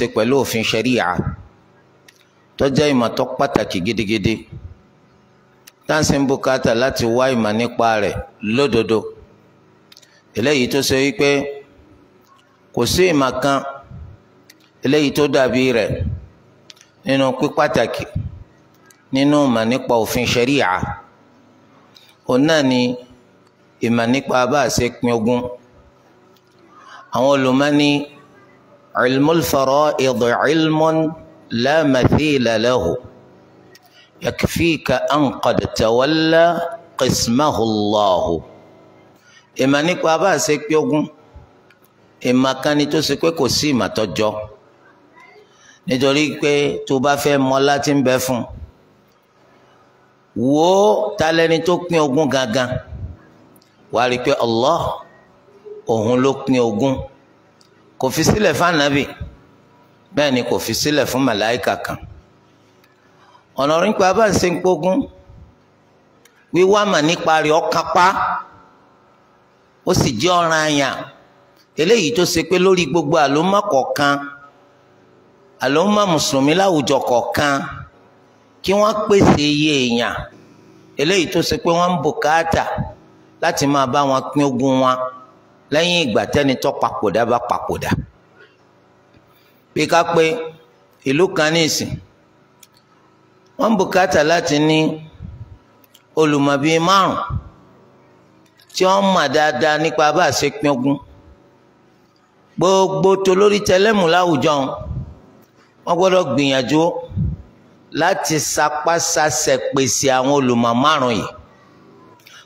ṣe pẹ̀lú òfin ṣẹ̀ríyà tó jẹ́ ìmọ̀ tó pàtàkì gidigidi táǹsì ń bùkátà láti wá ìmọ̀ nípa rẹ̀ lódodo eléyìí tó ṣe wípé kò sí ìmọ̀ kan eléyìí tó dàbí rẹ̀ nínú pípàtàkì nínú ìmọ̀ nípa òfin ṣẹ̀ríyà òun náà ni ìmọ̀ nípa bá a ṣe pín ogún àwọn olùmọ̀ ní. علم الفرائض علم لا مثيل له يكفيك أن قد تولى قسمه الله ìmọ̀ nípa bá a ṣe pé ogún ìmọ̀ kan ni tó ṣe pé kò sí ìmọ̀ tọ́jọ́ nítorí pé tó bá fẹ́ mọ láti ń bẹ fún wo talẹ́ni tó pín ogún gangan wàá rí i pé Allah òun ló pín ogún. kò fi sílẹ̀ fànàbì bẹ́ẹ̀ ni kò fi sílẹ̀ fún màláìkà kan ọ̀nà nípa bá ń gbógun wíwá mà nípa rẹ̀ ọ̀kápá ó sì jẹ́ ọ̀ràn àyàn eléyìí tó ṣe pé lórí gbogbo àlómọ́ kọ̀ọ̀kan àlómọ́ mùsùlùmí láwùjọ kọ̀ọ̀kan kí wọ́n pèsè iye èèyàn eléyìí tó ṣe pé wọ́n ń bùkátà láti máa bá wọn pín ogún wọn. lẹ́yìn ìgbà tẹ́ni tó papòdà bá papòdà bí ká pé ìlú kan ní ìsìn wọ́n bùkátà láti ní olùmọ̀bí márùn tí wọ́n mọ̀ dáadáa nípa bá a ṣe pín ogún gbogbo tó lórí tẹlẹ́mù láwùjọ wọ́n gbọ́dọ̀ gbìyànjú láti sapásásẹ̀ pèsè àwọn olùmọ̀ márùn yìí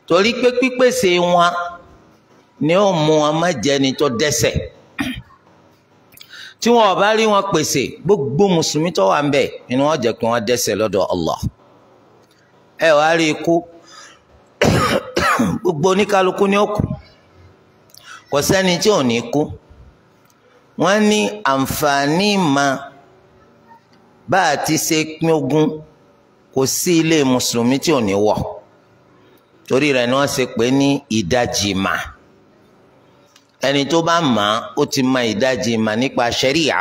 torí pé pípèsè wọn ni ó mú wọn má jẹni tó dẹ́ṣẹ̀ tí wọn bá rí wọn pèsè gbogbo mùsùlùmí tó wà ń bẹ ni wọn jẹ pé wọn dẹ́ṣẹ̀ lọ́dọ̀ Allah ẹ wàá rí ikú gbogbo oníkálukú ni ó kú kò sẹ́ni tí ò ní kú wọ́n ní àǹfààní ìmọ̀ bá a ti ṣe pín ogún kò sí ilé mùsùlùmí tí ò ní wọ̀ torí rẹ̀ ni wọ́n ṣe pé ní ìdajì máa ẹni tó bá mà á ó ti ma ìdajì mà nípa ṣẹ́ríà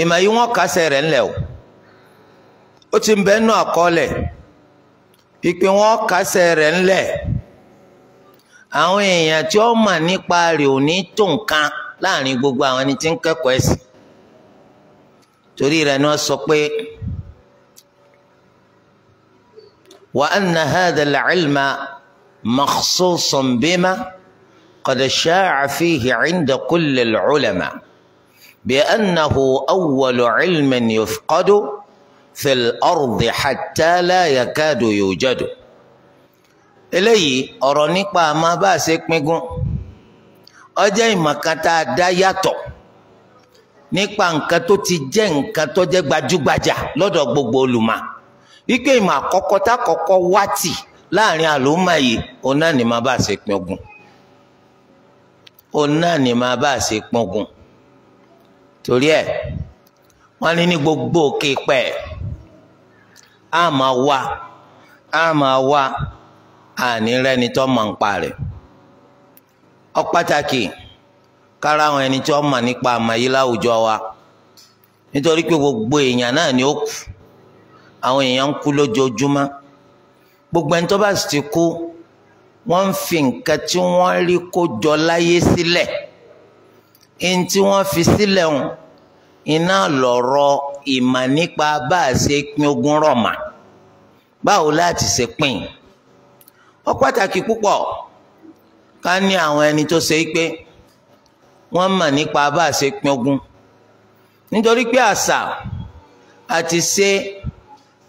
ìmọ̀ yìí wọ́n kásẹ̀ rẹ̀ ńlẹ̀ o ó ti ń bẹ́ẹ̀ nù àkọọ́lẹ̀ pípé wọ́n kásẹ̀ rẹ̀ ńlẹ̀ àwọn èèyàn tí ó mà nípa rẹ̀ ò ní tó nǹkan láàrin gbogbo àwọn ẹni tí ń kẹ́kọ̀ọ́ ẹ̀sìn torí rẹ̀ ni wọ́n sọ pé wa anna hadha al-ilma makhsusun bima. قد شاع فيه عند كل العلماء بأنه أول علم يفقد في الأرض حتى لا يكاد يوجد إلي ọ̀rọ̀ nípa àmọ́ bá a ṣe píngun ọjọ́ ìmọ̀kan tá a dá yàtọ̀ nípa nǹkan tó ti jẹ́ nǹkan tó jẹ́ gbajúgbajà lọ́dọ̀ gbogbo olùmọ̀ wípé ìmọ̀ àkọ́kọ́ tá kọ́kọ́ wá tì láàrin àlùmọ̀ yìí òun náà ni màá bá a ṣe píngun òun náà ní máa bá a ṣe pọngùn torí ẹ wọn ní ní gbogbo òkè pẹ á máa wá á máa wá àní rẹni tó mọ̀ ń pa rẹ̀ pàtàkì kára àwọn ẹni tó mọ̀ nípa àmàyí láwùjọ wa nítorí pé gbogbo èèyàn náà ni ó kù àwọn èèyàn ń kú lójoojúmọ́ gbogbo ẹni tó bá sì ti kú wọ́n ń fi nǹkan tí wọ́n rí kó jọ láyé sílẹ̀ ẹni tí wọ́n fi sílẹ̀ ń iná lọ̀rọ̀ ìmọ̀ nípa bá a ṣe pín ogún rọ̀mà báwo láti ṣe pín ó pàtàkì púpọ̀ ká ní àwọn ẹni tó ṣe pé wọ́n mọ̀ nípa bá a ṣe pín ogún nítorí pé àṣà àti ṣe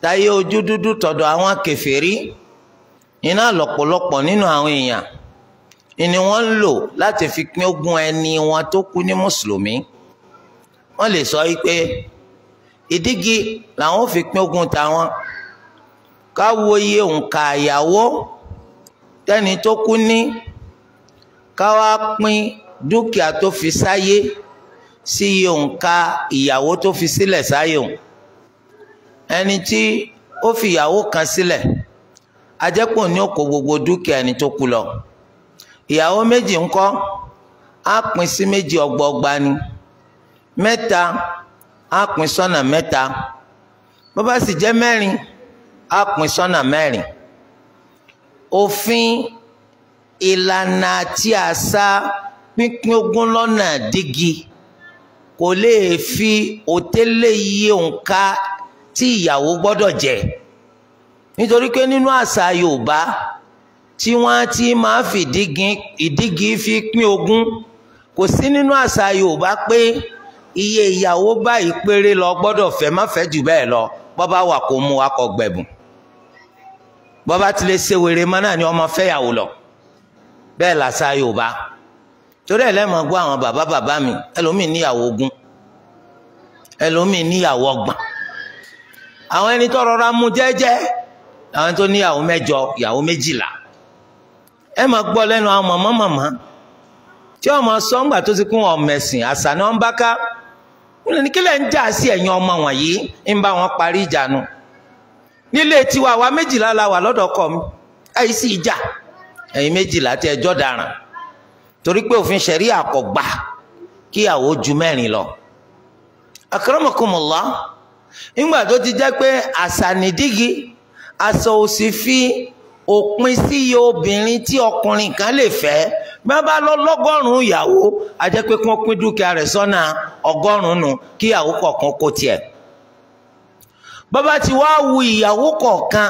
táyé ojú dúdú tọ̀dọ̀ àwọn kèfèrí iná lọ́pọ̀lọpọ̀ nínú àwọn èèyàn ni wọ́n ń lò láti fi pín ogún ẹni wọn tó kú ní mùsùlùmí wọ́n lè sọ wípé ìdígi làwọn fi pín ogún tàwọn káwo iye òǹkà àyàwó tẹ́ni tó kú ní káwa pín dúkìá tó fi sáyé sí iye òǹkà ìyàwó tó fi sílẹ̀ sáyé ẹni tí ó fi ìyàwó kan sílẹ̀. Si ajẹ́pọ̀ ní òkò gbogbo dúkìá ẹni tó kú lọ ìyàwó méjì ńkọ́ á pín sí méjì ọgbọọgba ni mẹ́ta á pín sọ́nà mẹ́ta bó bá sì jẹ́ mẹ́rin á pín sọ́nà mẹ́rin òfin ìlànà àti àṣà pínpín ogún lọ́nà dígí kò lè fi òtélé iye òǹkà tí ìyàwó gbọ́dọ̀ jẹ́ nítorí pé nínú àṣà Yorùbá tí wọ́n ti máa fi ìdígi fi pín ogún kò sí nínú àṣà Yorùbá pé iye ìyàwó báyìí péré lọ gbọ́dọ̀ fẹ́ má fẹ́ jù bẹ́ẹ̀ lọ bọ́bá wà kó mú akọ gbẹ̀bùn bọ́bá ti lè ṣe wèrè mọ́ náà ni ọmọ fẹ́yàwó lọ bẹ́ẹ̀ làṣà Yorùbá torí ẹ̀ lẹ́mọ̀ gbọ́ àwọn bàbá bàbá mi ẹlòmíì níyàwó ogún ẹlòmíì níyàwó ọgbọ̀n àwọn ẹni tó rọra mú jẹ́jẹ́ àwọn tó níyàwó mẹjọ ìyàwó méjìlá ẹ máa gbọ́ lẹ́nu àwọn màmá màmá tí ọmọ máa tó ti kún ọ̀mẹ̀sìn àṣà ni bá ká lè ọmọ wọ̀nyí ń bá wọn parí ìjà nu nílé tiwa la wà lọ́dọ̀ mi méjìlá tí ẹjọ́ torí pé òfin ṣẹ̀rí àkọ́gbà kíyàwó ju mẹ́rin lọ ńgbà tó ti jẹ́ pé àṣà àṣà ò sì fi òpin sí iye obìnrin tí ọkùnrin kan lè fẹ́ bí wọ́n bá lọ lọ́gọ́rùn-ún ìyàwó a jẹ́ pé kí wọ́n pín dúkìá rẹ̀ sọ́nà ọgọ́rùn-ún kí ìyàwó kọ̀ọ̀kan kó tiẹ̀. bàbá ti wá wu ìyàwó kọ̀ọ̀kan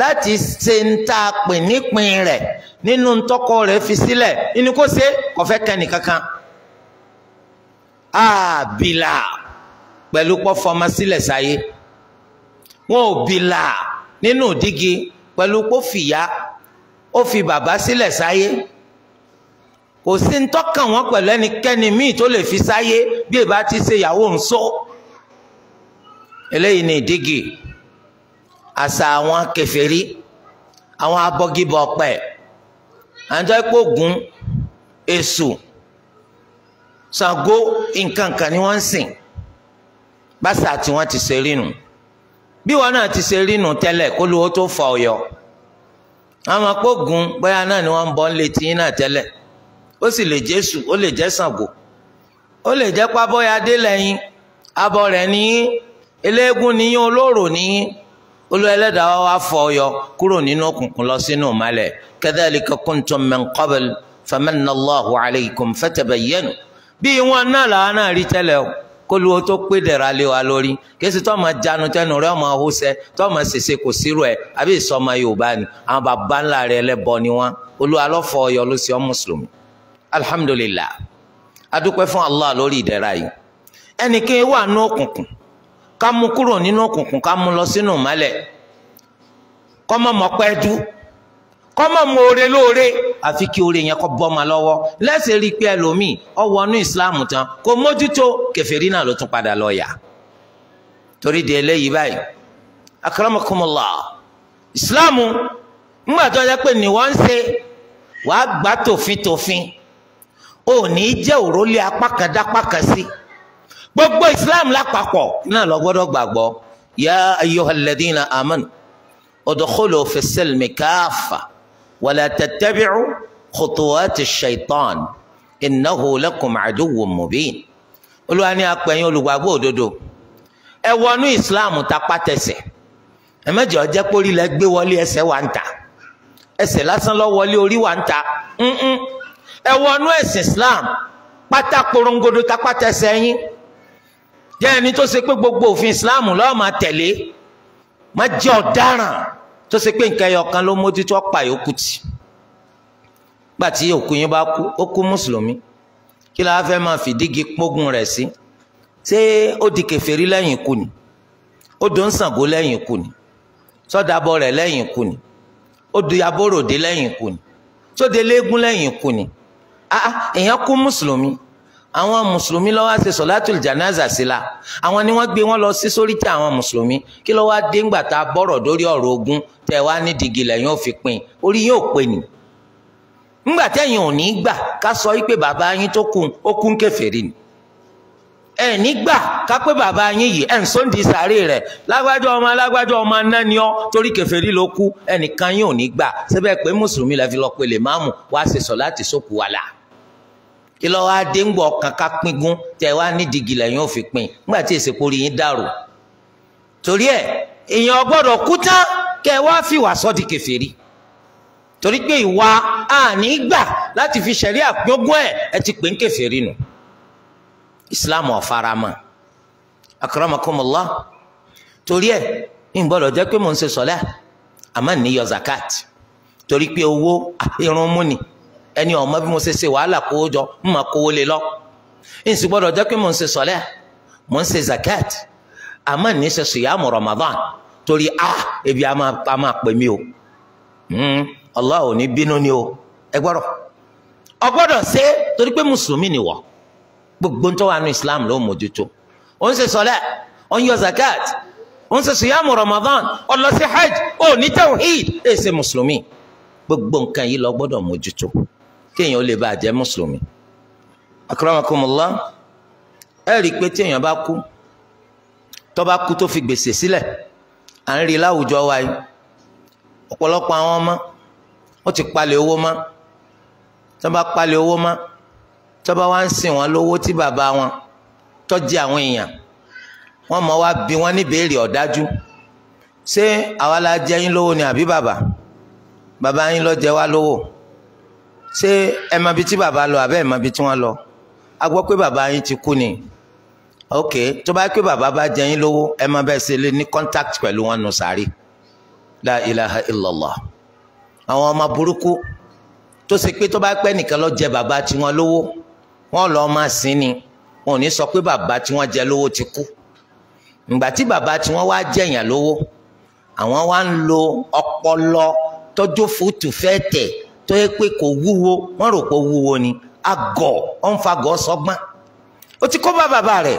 láti ṣe ń ta pè nípìn rẹ̀ nínú tọkọ rẹ̀ fi sílẹ̀ nínú kó ṣe kò fẹ́ kẹ́ni kankan. àbìlà pẹ̀lú pọ́ sílẹ̀ sáyé wọn ò bìlà nínú dígí pẹ̀lú kó fìyà ó fi bàbá sílẹ̀ sáyé kò sí ń tọ́kàn wọn pẹ̀lú ẹnikẹ́ni míì tó lè fi sáyé bí èbá ti ṣe ìyàwó ń sọ eléyìí ni ìdígì àṣà àwọn kèfèrí àwọn abọgibọ ọpẹ àjọ ìpògùn èṣù Ṣàngó nǹkan ni wọ́n ń sìn báṣà tí wọ́n ti ṣe rí nù. bí wọn náà ti ṣe rínu tẹ́lẹ̀ kó lówó tó fọ ọyọ àwọn akpógun bóyá náà ni wọn ń bọ ń létí yín náà tẹ́lẹ̀ ó sì lè jésù ó lè jẹ́ Ṣàngó ó lè jẹ́ pábọyá dé lẹ́yìn abọ rẹ níyín eléégún níyín olóró níyín olú Ẹlẹ́dàá wa wá fọ ọyọ kúrò nínú òkùnkùn lọ sínú ìmọ́lẹ̀ kadhalika kuntum min qabl famanna Allahu alaykum fatabayyanu bí wọn náà làwọn náà rí tẹ́lẹ̀ o. kóluwo tó pé dẹ̀ra lé wa lórí kéésì tó m'a jánu tẹnu rẹ ọmọ ahósẹ tó m'a ṣèṣe kò sírò ẹ àbí ìsọmọ yorùbá ni àwọn bàbá ńlá rẹ lẹ́bọ ni wọn olúwa lọ́fọ̀ ọyọ ló sì ọ́ mùsùlùmí alhamdulillah adúpẹ́ fún allah lórí ìdẹ̀ra yìí ẹnìkan wà nínú òkùnkùn ká mú kúrò nínú òkùnkùn ká mú lọ sínú ìmọ́lẹ̀ kọ́mọ́mọ́ pẹ́ dú kọ́mọ̀ mọ oore lóore àfi kí oore yẹn kọ́ bọ́mọ lọ́wọ́ lẹ́sẹ̀ rí i pé ẹlòmíì ó wọnú islam tán kò mójútó kẹfẹ́rí náà ló tún padà lọ yà torí di eléyìí báyìí akramakumullah islam ńgbà tó yẹ pé ni wọ́n ń ṣe wàá gbà tòfin tòfin ò ní jẹ́ òrólé apákàndápákàn sí gbogbo islam lápapọ̀ náà lọ gbọ́dọ̀ gbàgbọ́ ya ayyuhalladhina amanu udkhulu fi ولا tattabi'u خطوات الشيطان innahu لكم عدو مبين. olúwa ní apẹ̀yìn olùgbàgbọ́ òdodo ẹ wọnú islam tapá tẹsẹ̀ ẹ mẹ́jọ jẹ́ pórí lẹ gbé wọlé ẹsẹ̀ wà ń ta ẹsẹ̀ lásán lọ wọlé orí wà ń ta ẹ wọnú ẹ̀sìn islam pátá korongodo tapá yín jẹ́ ẹni tó ṣe pé gbogbo òfin islam lọ́ọ́ máa tẹ̀lé má jẹ́ ọ̀daràn tó ṣe pé nǹkan ẹyọkan ló mójútó ọ̀pá yòókù tì gbà tí òkú yín bá kú ó kú mùsùlùmí kí la fẹ́ máa fìdígi pógun rẹ̀ sí ṣé ó di kèfèrí lẹ́yìn ikú ni ó dò ń Ṣàngó lẹ́yìn ikú ni sọ́dàbọ̀ rẹ̀ lẹ́yìn ikú ni ó di abóròdé lẹ́yìn ikú ni sóde léegun lẹ́yìn ikú ni ah èèyàn kú mùsùlùmí àwọn mùsùlùmí ló wá ṣe sọ̀látùl jànáza sí la àwọn ni wọ́n gbé wọn lọ sí sórí tí àwọn mùsùlùmí kí ló wá dé ńgbà tá a bọ̀rọ̀ dórí ọ̀rọ̀ ogun tẹ̀ wá ní dìgì lẹ́yìn ò fi pin orí yóò pè ní. ńgbà tẹ̀yìn ò ní gbà ká sọ wípé bàbá yín tó kú ó kú ń ni. ẹ nígbà ká pé bàbá yín yìí ẹ̀ ń sóńdì sàárè rẹ̀ lágbájọ́ ọmọ alágbájọ́ ọmọ anáni ọ́ torí kèfèrí ló kú la fi lọ pèlè máàmù wá ṣe sọ̀láàtì sókù kí wa adé ń gbọ́ kankan píngun tẹ̀ wá nídìgì lẹ́yìn òfin pin nígbà tí èsì kórì yín dàrú torí ẹ̀ èèyàn gbọ́dọ̀ kú tán kẹ́ wá fìwà sọ́dí kèfèrí torí pé ìwà àní gbà láti fi ṣẹ̀rí àpínkún ẹ̀ ẹ ti pè ń kèfèrí nù Islam ọ̀farama akramakumullah torí ẹ̀ ń gbọ́dọ̀ jẹ́ pé mò ń ṣe sọ́lá àmọ́ níyọ zakat torí pé owó irun múni ẹni ọmọ bí mo ṣe ṣe wàhálà kówó jọ ń máa kówó lé lọ ń sì gbọ́dọ̀ jẹ́ pé mo ń ṣe sọlẹ mo ń ṣe zakat àmọ́ ní ṣe sùyàmù Ramadan torí a ebi a máa pè mí o hmm, Allah ò ní bínú ni o ẹ gbọ́dọ̀ ọ gbọ́dọ̀ ṣe torí pé mùsùlùmí ni wọ gbogbo ń tó wà ní Islam ló mójútó ó ń ṣe sọlẹ ó ń yọ zakat ó ń ṣe sùyàmù Ramadan ó lọ sí hajj ó ní tawhid ẹ ṣe mùsùlùmí gbogbo nǹkan yìí ló gbọ́dọ̀ mójútó. téèyàn ó lè bá jẹ́ mùsùlùmí akramakumullah ẹ rí i pé téèyàn bá kú tó bá kú tó fi gbèsè sílẹ̀ à ń rí i láwùjọ wa yìí ọ̀pọ̀lọpọ̀ àwọn ọmọ wọ́n ti palẹ̀ owó mọ́ tó bá palẹ̀ owó mọ́ tó bá wá ń sìn wọ́n lówó tí bàbá wọn tọ́jú àwọn èèyàn wọ́n mọ̀ wá bí wọ́n ní ọ̀dájú ṣé àwa la jẹ yín lówó ni àbí bàbá bàbá yín ló jẹ wá lówó ṣé ẹ mọ ibi tí bàbá lọ àbẹ́ ẹ mọ ibi tí wọ́n lọ a gbọ́ pé bàbá yín ti kú ni ok tó bá pé bàbá bá jẹ yín lówó ẹ mọ bẹ́ẹ̀ ṣe lè ní contact pẹ̀lú wọn nù sáré la ilaha illallah àwọn ọmọ burúkú tó ṣe pé tó bá pẹ́ nìkan lọ jẹ bàbá tiwọn lówó wọn lọ máa sin ni wọn ò ní sọ pé bàbá tiwọn jẹ lówó ti kú ìgbà tí bàbá tiwọn wá jẹyàn lówó àwọn wá ń lo ọpọlọ tọjú fùtù fẹ́ tẹ̀ tó yẹ pé kò wúwo wọ́n rò pé wúwo ni agọ̀ ọ̀nfàgọ̀ sọgbọ́n ó ti kó bá bàbá rẹ̀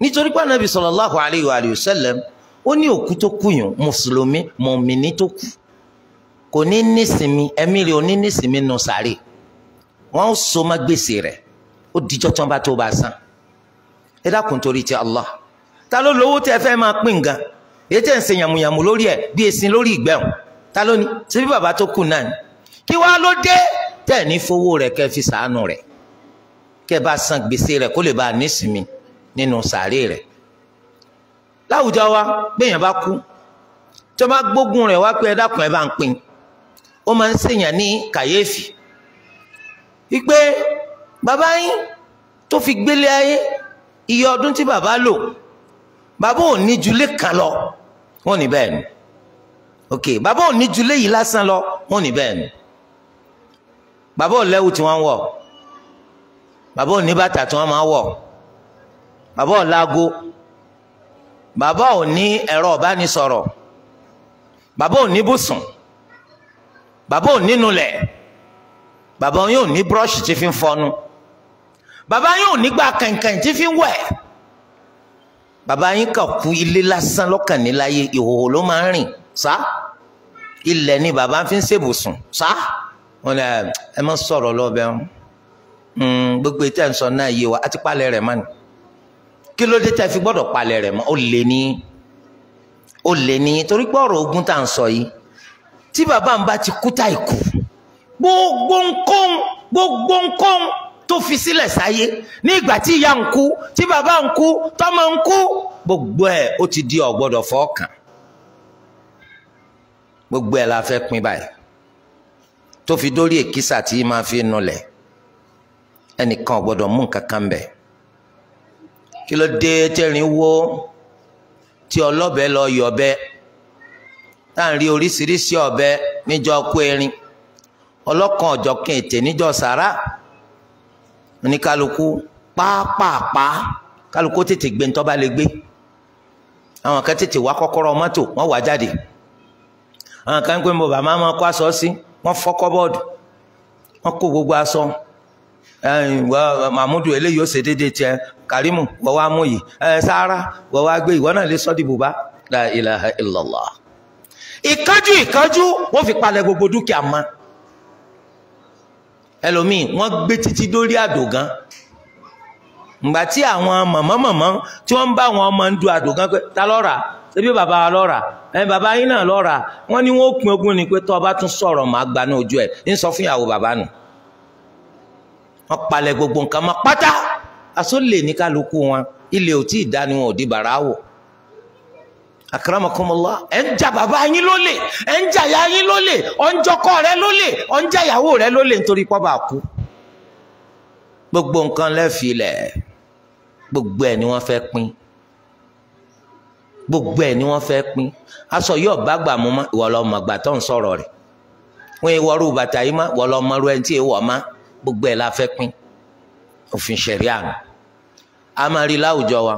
nítorí pé anabi sallallahu alayhi wa sallam ó ní òkú tó kú yàn mùsùlùmí mọ̀mìnì tó kú kò ní nísìmí ẹ̀mí rẹ̀ ò ní nísìmí nù sàárè wọ́n so má gbèsè rẹ̀ ó dijọ́ tán bá tó bá san ẹ dákun torí ti Allah ta ló lówó tẹ fẹ́ máa pín nǹkan èyí tẹ̀ ń ṣe yàmùyàmù lórí ẹ̀ bí esin lórí ìgbẹ́hùn ta ló ní ṣebí bàbá tó kù náà ni kí wàá ló dé tẹ̀ ní fowó rẹ̀ kẹ́ fi sàánú rẹ̀ kẹ́ bá san gbèsè rẹ̀ kó lè bá a nísìmí nínú sàárè rẹ̀ láwùjọ wa gbẹ̀yìn bá kú tí wọ́n bá gbógun rẹ̀ wá pé ẹ dákun ẹ bá ń pín ó máa ń ṣèyàn ní kàyéfì wípé bàbá yín tó fi gbélé ayé iye ọdún tí bàbá lò bàbá ò ní ju lé kan lọ wọn ò ní bẹ́ẹ̀ ni ok bàbá ò ní ju lé yìí lásán lọ wọn ò ní bẹ́ẹ̀ ni bàbá ò lẹ́wù tí wọ́n ń wọ̀ bàbá ò ní bàtà tí wọ́n máa wọ̀ bàbá ò láago bàbá ò ní ẹ̀rọ ìbánisọ̀rọ̀ bàbá ò ní bùsùn bàbá ò nínú lẹ̀ bàbá yóò ní búrọ́ọ̀ṣì tí fi ń fọnu bàbá yóò nígbà kẹ̀kẹ́ tí fi ń wẹ̀ bàbá yín kàn kú ilé lásán lọ́kàn níláyé ìhòòhò ló máa ń rìn sá ilẹ̀ ni bàbá fi ń ṣèbùsùn sá wọn ni ẹ má sọ̀rọ̀ lọ́bẹ̀ wọn hmm, gbogbo ètò ẹ̀ ń sọ náà yé wa àti palẹ̀ rẹ̀ mọ́ni kí ló dé tẹ́ fi gbọ́dọ̀ palẹ̀ rẹ̀ mọ́ ó lè ní ó lè ní torí pé ọ̀rọ̀ ogun tá à ń sọ yìí tí bàbá ń bá ti kú tá ìkú gbogbo nǹkan gbogbo nǹkan tó fi sílẹ̀ sáyé ní ìgbà tí ìyá ń kú tí bàbá ń kú tọ́mọ ń kú gbogbo ẹ̀ ó ti di ọ̀gbọ́dọ̀ fọ́ọ̀kàn gbogbo ẹ̀ la fẹ́ pín báyìí tó fi dórí èkísà tí máa fi nulẹ̀ ẹnìkan ò gbọ́dọ̀ mú nǹkan kan bẹ̀ kí ló dé tẹ́rin wó tí ọlọ́bẹ lọ yọ̀bẹ láàrin oríṣiríṣi ọ̀bẹ níjọ kó erin ọlọ́kan ọ̀jọ̀kan ètè níjọ sàrà oníkálukú pàápàá kálukú tètè gbé ntọ́ bá lè gbé àwọn kan tètè wá kọ́kọ́rọ́ mọ́tò wọ́n wá jáde àwọn kan ń pè mọ́ bàmá máa kó aṣọ sí. Si wọ́n fọ́ kọ́bọ́ọ̀dù wọ́n kó gbogbo aṣọ mahmudu eléyìí ó ṣe déédéé tiẹ̀ karimu wọ́n wá mú yìí sáárà wọ́n wá gbé ìwọ náà lè sọ́ di bùbá la ilaha illallah ìkájú ìkájú wọ́n fi palẹ̀ gbogbo dúkìá mọ́ ẹlòmíì wọ́n gbé títí dórí àdògán ngbà tí àwọn màmá màmá tí wọ́n ń bá àwọn ọmọ ń du àdògán pé ta ló rà á ṣebí bàbá wa lọ́ra ẹ bàbá yín náà lọ́ra wọ́n ní wọ́n ó pin ogún ni pé tó o bá tún sọ̀rọ̀ màá gba ní ojú ẹ̀ ń sọ fún ìyàwó bàbá nù wọ́n palẹ̀ gbogbo nǹkan mọ́ pátá asólè ní kálukú wọn ilé ò tí ì dá ni wọn ò di bàrà wò akaramakomola ẹ ń jà bàbá yín lólè ẹ ń jà ìyá yín lólè ọ ń jọkọ rẹ lólè ọ ń jà ìyàwó rẹ lólè nítorí pọ́bà kú gbogbo nǹkan lẹ́fìlẹ̀ gbogbo ẹ̀ ni wọ́n fẹ́ pín gbogbo ẹ̀ ni wọ́n fẹ́ pín aṣọ yóò bá gbà mú mọ́ ìwọ lọ́ọ́ mọ̀ gbà tó ń sọ̀rọ̀ rẹ̀ wọ́n ìwọ rú bàtà yìí mọ́ ìwọ lọ́ọ́ mọ rú ẹni tí ìwọ má gbogbo ẹ̀ la fẹ́ pín òfin ṣẹ̀rí àná a máa rí láwùjọ wa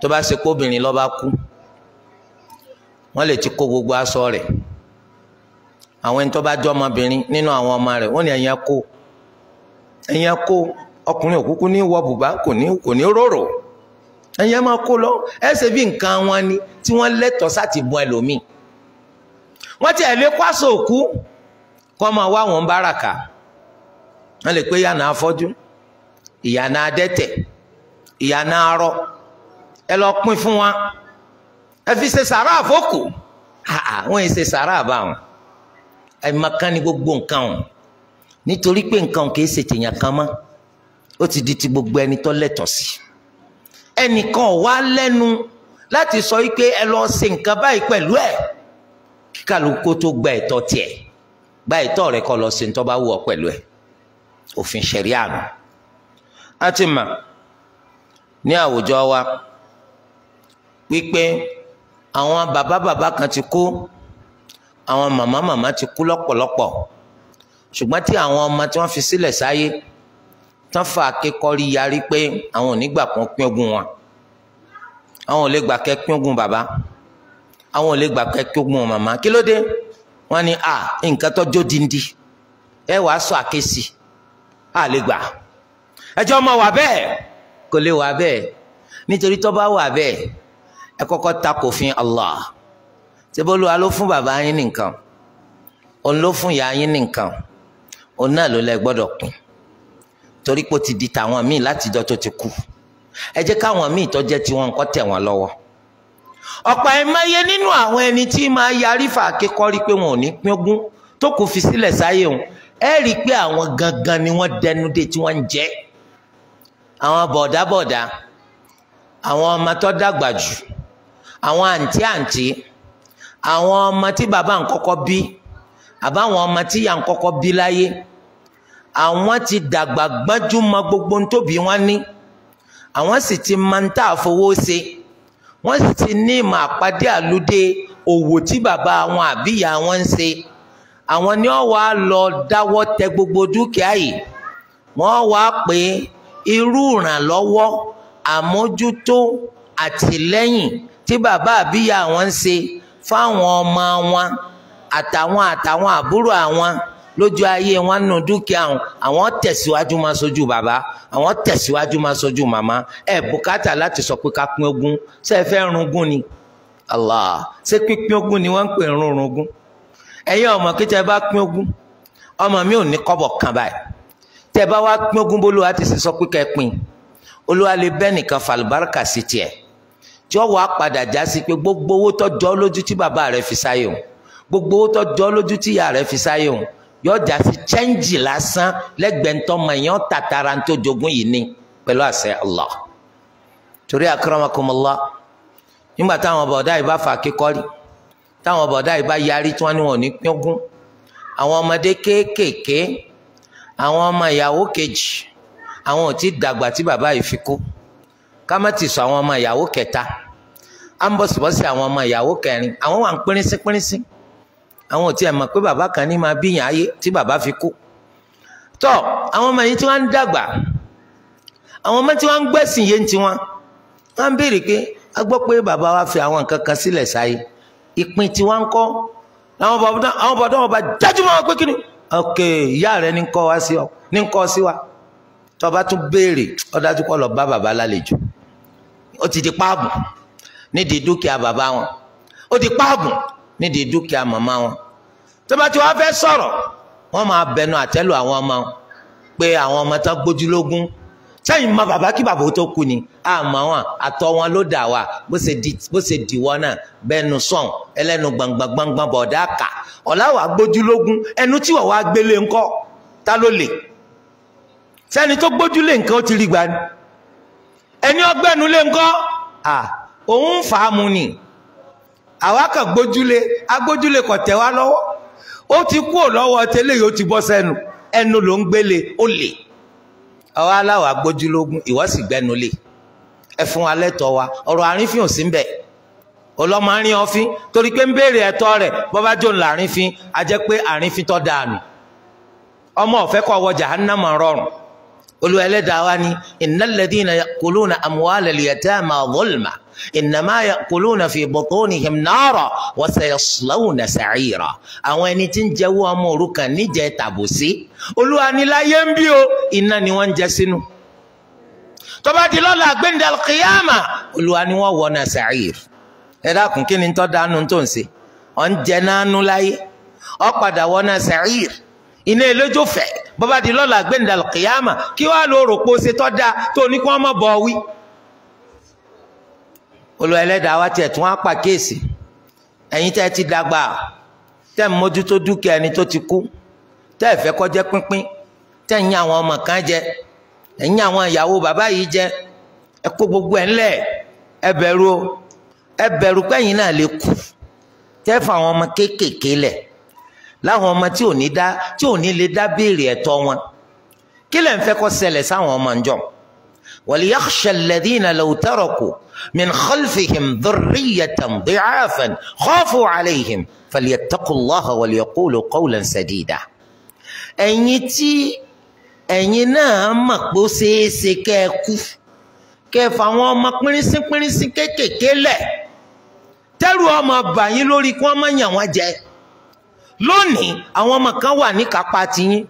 tó bá ṣe kóbìnrin lọ́ bá kú wọ́n lè ti kó gbogbo aṣọ rẹ̀ àwọn ẹni tó bá jọ ọmọbìnrin nínú àwọn ọmọ rẹ̀ wọ́n ní ẹ̀yàn kó ẹ̀yàn kó ọkùnrin òkúkú ní wọ bùbá kò ní rorò. ẹ̀yin ẹ máa kó lọ bí nǹkan wọn ni tí wọn lẹ́tọ̀ọ́ sáti bọ wọ́n ti ẹ̀ lé òkú máa wá wọn báràkà wọ́n lè pé yànnà afọ́jú ìyànnà adẹ́tẹ̀ ìyànnà arọ ẹ fún wa ẹ fi ṣe sàrà àfọ́kù ṣe sàrà ẹ gbogbo nǹkan wọn nítorí pé nǹkan ṣe tèèyàn kan di ti gbogbo ẹni tó ẹnìkan ò wá lẹ́nu láti sọ wípé ẹ lọ ṣe nǹkan báyìí pẹ̀lú ẹ̀ kí kálukú tó gba ẹ̀tọ́ tiẹ̀ gba ẹ̀tọ́ rẹ̀ kó lọ ṣe tó bá wù ọ́ pẹ̀lú ẹ̀ òfin ṣẹ̀ríà nù a ti mà ní àwùjọ wa wípé àwọn bàbá bàbá kan ti kú àwọn màmá màmá ti kú lọ́pọ̀lọpọ̀ ṣùgbọ́n tí àwọn ọmọ tí wọ́n fi sílẹ̀ sáyé. Si tánfà akẹ́kọ̀ọ́rí yarí pé àwọn ò ní gbà kán pín ogún wọn àwọn ò lè gbà kẹ́ pín ogún bàbá àwọn ò lè gbà kẹ́ pín ogún màmá kí ló dé wọ́n ní à nǹkan tọ́jọ́ dindi ẹ wàá sọ àkẹ́sì à lè gbà ẹjọ́ ọmọ wà bẹ́ẹ̀ kò lè wà bẹ́ẹ̀ nítorí tó bá wà bẹ́ẹ̀ ẹ kọ́kọ́ ta kò fin Allah tẹ́bọ́lúwa ló fún bàbá yín nìkan òun ló fún ìyá yín nìkan òun náà ló lẹ gbọ́dọ̀ kún torí pé ó ti di tàwọn míì látijọ́ tó ti kú ẹ jẹ́ káwọn míì tó jẹ́ tiwọn nǹkan tẹ̀ wọ́n lọ́wọ́ ọ̀pọ̀ ẹ̀máyé nínú àwọn ẹni tí máa yarí fàáké kọ́rí pé wọn ò ní pín ogún tó kù fi sílẹ̀ sáyé wọn ẹ rí i pé àwọn gangan ni wọ́n dẹnu dé tí wọ́n ń jẹ́ àwọn bọ̀dábọ̀dá àwọn ọmọ tó dàgbà jù àwọn àǹtí àǹtí àwọn ọmọ tí bàbá ń kọ́kọ́ bí àbáwọn ọmọ tí ìyá ń kọ́kọ́ bí láyé àwọn ti dàgbà gbájúmọ̀ gbogbo tóbi wọn ní àwọn sì ti máa ń tà fowó ṣe wọ́n sì ti ní ìmọ̀ àpàdé àlùdé òwò tí bàbá àwọn àbíyá wọn ń ṣe àwọn ni wọ́n wá lọ dáwọ́ tẹ gbogbo dúkìá yìí wọ́n wá pé irú ìrànlọ́wọ́ àmójútó àtìlẹ́yìn tí bàbá àbíyá wọn ń ṣe fáwọn ọmọ wọn àtàwọn àtàwọn àbúrò àwọn lójú ayé wọn nù dúkìá àwọn àwọn tẹ̀síwájú máa sojú bàbá àwọn tẹ̀síwájú máa sojú màmá ẹ bùkátà láti sọ pé ká pín ogún ṣé fẹ́ rungun ni Allah ṣé pínpín ogún ni wọ́n ń pè runrungún ẹ̀yin ọmọ kí tẹ́ bá pín ogún ọmọ mi ò ní kọ́bọ̀ kan báyìí tẹ́ bá wá pín ogún bó lóha ti sì sọ pé ká ẹ pín olúwa lè bẹ́ nìkan falùbáríkà sí tiẹ̀ tí ó wàá padà já sí pé gbogbo owó tó lójú tí bàbá rẹ fi sáyé o gbogbo owó tó lójú tí ìyá rẹ fi sáyé o yóò já sí chẹ́ńjì lásán lẹ́gbẹ̀ntọ́ mọ̀ èèyàn tàtàrà tó jogún yìí ni pẹ̀lú àṣẹ Allah torí akramakumullah nígbà táwọn bọ̀dá yìí bá fà kíkọ́rí táwọn bọ̀dá yìí bá yarí tí wọ́n ní wọn ò ní pínkún àwọn ọmọdé kéékèèké àwọn ọmọ ìyàwó kejì àwọn ò tí dàgbà tí bàbá yìí fi kú ká má ti sọ àwọn ọmọ ìyàwó kẹta á ń bọ̀sibọ́sì àwọn ọmọ ìyàwó kẹrin àwọn wà ń pínrínsí pínrínsí àwọn ò tiẹ̀ mọ̀ pé bàbá kan ní máa bíyàn ayé tí bàbá fi kú tọ́ àwọn ọmọ yìí tí wọ́n ń dàgbà àwọn ọmọ tí wọ́n ń gbẹ̀sìn yé ti wọn wọ́n ń béèrè pé a gbọ́ pé bàbá wa fi àwọn nǹkan kan sílẹ̀ sáyé ìpín tí wọ́n ń kọ́ àwọn bọ̀dọ́ àwọn bọ̀dọ́ wọn bá jájú mọ́ wọn pé kí ni ok ìyá rẹ ní kọ́ wá sí ọ ní kọ́ sí wa tó bá tún béèrè ó dájú lọ bá bàbá lálejò ó ti di páàbù nídìí dúkìá bàbá wọn ó di páàbù nídìí dúkìá màmá wọn tó bá ti wá fẹ́ sọ̀rọ̀ wọ́n máa bẹnu àtẹ́lù àwọn ọmọ wọn pé àwọn ọmọ tán gbójúlógún sẹ́yìn mọ bàbá kí bàbá tó kú ni àmọ́ wọn àtọ wọn ló dà wá bó ṣe dìwọ́ náà bẹ́ẹ̀nu sọ̀n ẹlẹ́nu gbangban gbangban bọ̀dá kà ọ̀làwà gbójúlógún ẹnu tí wọ́n wá gbélé ńkọ́ ta ló lè sẹ́ni tó gbójúlé nǹkan ti rí gbani ẹni ọgbẹ́nu lé ńkọ́ à òun fàá ni. àwa kàn gbójúlé agbójúlé kò tẹ̀ wá lọ́wọ́ ó ti kú lọ́wọ́ tẹ́lẹ̀ yóò ti bọ́ sẹ́nu ẹnu ló ń gbélé ó lè àwa aláwọ̀ agbójúlógún ìwọ sì gbẹnu lè ẹ fún wa lẹ́tọ̀ọ́ wa ọ̀rọ̀ àrífín ò sí ń bẹ̀ ọlọ́mọ arín ọ̀fín torí pé ń béèrè ẹ̀tọ́ innama ya'kuluna في بطونهم نارا وسيصلون سعيرا sa'ira àwọn ẹni tí ń jẹwọ ọmọ òrukàn níjẹ tàbùsí olúwa ní láyé ń bí o iná ni wọ́n ń jẹ sínú tó bá di lọ́la gbẹ̀ndẹ̀ alqiyama olúwa ni wọ́n wọ̀ náà sa'ir ẹ dákun kí ni tó dánú tó ń ṣe ọ̀ ń jẹ nánú láyé ọ̀ padà wọ̀ náà sa'ir iná eléjò fẹ bọba di lọla gbẹndàlù kìyàmà kí wàá lọ rò ṣe tọ́ da tó ní kí wọ́n mọ̀ bọ̀ wí olú ẹlẹ́dàá wa tiẹ̀ tún á pàkíyèsí ẹ̀yin tẹ́ ẹ ti dàgbà tẹ́ ẹ mójútó dúkìá ẹni tó ti kú tẹ́ ẹ fẹ́ kó jẹ́ pínpín tẹ́ ẹ ń yín àwọn ọmọ kan jẹ ẹ ń yín àwọn ìyàwó bàbá yìí jẹ ẹ kó gbogbo ẹ̀ ńlẹ̀ ẹ bẹ̀rù o ẹ bẹ̀rù pẹ́yìn náà lè kú tẹ́ ẹ fà àwọn ọmọ kéékèèké lẹ̀ láwọn ọmọ tí ò ní dá tí ò ní lè dá béèrè ẹ̀tọ́ wọn kí lẹ̀ ń fẹ́ kó ṣẹlẹ̀ sáwọn ọmọ ǹjọ́ wal yakhsha alladhina law taraku من خلفهم ذرية ضعافا خافوا عليهم فليتقوا الله وليقولوا قولا سديدا ẹ̀yin tí ẹ̀yin náà mọ̀ pé ó ṣeé ṣe kẹ́ ẹ kú kẹ́ ẹ fà àwọn ọmọ pínrínsín pínrínsín kéékèèké lẹ̀ tẹ́rù ọmọ bà yín lórí kí wọ́n má yàn wọ́n jẹ lónìí àwọn ọmọ kan wà níkápá tiyín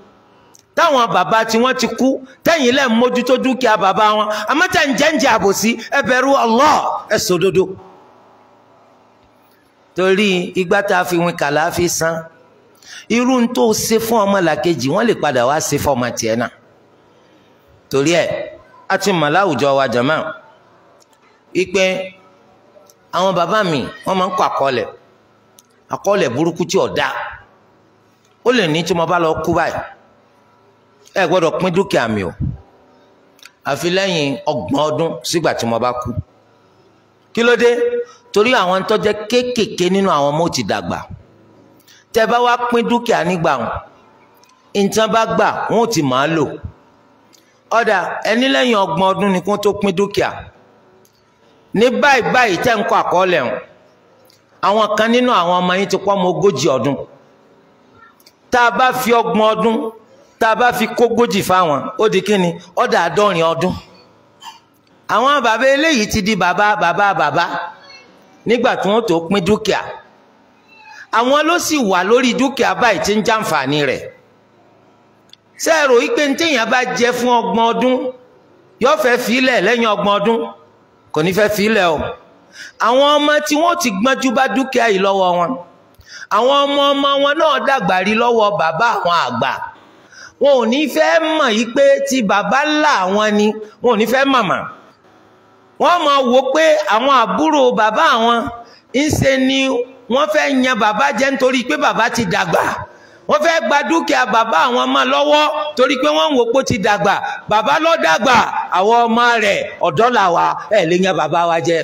táwọn bàbá tí wọn ti kú tẹ́yìn lẹ́ mójútó dúkìá bàbá wọn àmọ́tẹ́ ń jẹ́ǹjẹ́ àbòsí ẹ ọlọ Allah ẹ torí igbá tá a fi win kàlà á fi san irú ń tó ṣe fún ọmọ làkejì wọ́n lè padà wá ṣe ọmọ tiẹ̀ náà torí ẹ a ti mọ̀ láwùjọ wa jọ̀mọ́ ipe àwọn bàbá mi wọ́n máa ń kọ àkọọ́lẹ̀ àkọọ́lẹ̀ burúkú tí ò dáa ó lè ní tí mo bá lọ kú báyìí ẹ gbọ́dọ̀ pín dúkìá mi o àfi lẹ́yìn ọgbọ̀n ọdún sígbà tí mo bá kú kí ló dé torí àwọn tó jẹ́ kéékèèké nínú àwọn ọmọ ò ti dàgbà tẹ bá wá pín dúkìá nígbà wọn nǹkan bá gbà wọn ò ti máa lò ọ̀dà ẹni lẹ́yìn ọgbọ̀n ọdún ni kó tó pín dúkìá ní báyìí báyìí tẹ́ ń kọ àkọọ́lẹ̀ hàn àwọn kan nínú àwọn ọmọ yín ti pọ́ ọmọ ogójì ọdún tá a bá fi ọgbọ̀n ọdún tá a bá fi kógójì fáwọn ó di kíni ọ̀dà àádọ́rin ọdún àwọn bàbá eléyìí ti di bàbá bàbá bàbá nígbà tí wọ́n tó pín dúkìá àwọn ló sì wà lórí dúkìá báyìí tí ń jàǹfààní rẹ̀ ṣé ẹ rò wípé téèyàn bá jẹ fún ọgbọ̀n ọdún yóò fẹ́ filẹ̀ lẹ́yìn ọgbọ̀n ọdún kò ní fẹ́ filẹ̀ o àwọn ọmọ tí wọ́n ti gbọ́njú bá dúkìá yìí lọ́wọ́ wọn àwọn ọmọ ọmọ wọn náà dàgbà rí lọ́wọ́ bàbá àwọn àgbà wọn ò ní fẹ́ mọ̀ yí pé ti bàbá ńlá àwọn ni wọn ò ní fẹ́ màmá wọ́n máa wò pé àwọn àbúrò bàbá àwọn ńṣe ni wọ́n fẹ́ yan bàbá jẹ nítorí pé bàbá ti dàgbà wọ́n fẹ́ gba dúkìá bàbá àwọn ọmọ lọ́wọ́ torí pé wọ́n ń wò pé ó ti dàgbà bàbá ló dàgbà àwọn ọmọ rẹ̀ ọ̀dọ́ là wà ẹ̀ lè yan bàbá wa jẹ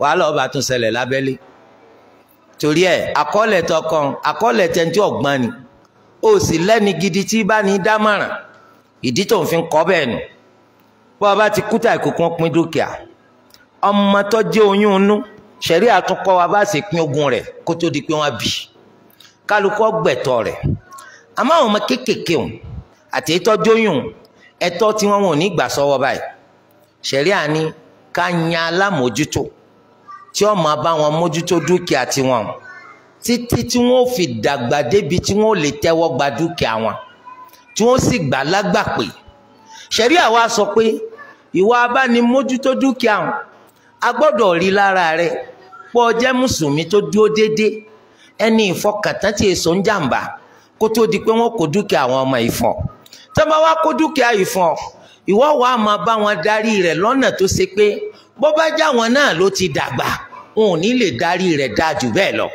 wàhálà ọba tún ṣẹlẹ̀ lábẹ́lé torí ẹ̀ àkọọ́lẹ̀ tọkàn àkọọ́lẹ̀ tẹ́ntí ọ̀gbọ́n ni o sì lẹ́ni gidi tí bá ní dámọ̀ràn ìdí tó ń fi kọ́ bẹ́ẹ̀ nù bó o bá ti kúta ìkókún pín dúkìá ọmọ tó jẹ́ oyún inú ṣẹ̀rí àtúnkọ́ wa bá sì pín ogún rẹ̀ kó tó di pé wọ́n bì kálukọ́ gbẹ̀tọ̀ rẹ̀ àmọ́ àwọn ọmọ kéékèèké òun àti ìtọ́jú oyún ẹ̀tọ́ tí wọ́n wọn ní gbà sọ́wọ́ báyìí ṣẹ̀rí àní ká yan alámòójútó tí ó máa mójútó dúkìá tiwọn títí tí wọ́n fi dàgbà débi tí wọ́n lè tẹ́wọ́ gba dúkìá wọn tí wọ́n sì gbà lágbà pé ṣẹ̀rí àwa sọ pé ìwà abánimójútó dúkìá wọn a gbọ́dọ̀ rí lára rẹ̀ pọ̀ jẹ́ mùsùlùmí tó dúró déédé ẹni ìfọkàntán tí èso ń jàǹbá kó tó di pé wọ́n kó dúkìá àwọn ọmọ ìfọ̀n tó bá kó dúkìá ìfọ̀n ìwọ́ wa máa bá wọn darí rẹ̀ lọ́nà tó ṣe pé bó bá já wọn náà ló ti dàgbà wọn ò ní lè darí rẹ̀ dáa jù bẹ́ẹ̀ lọ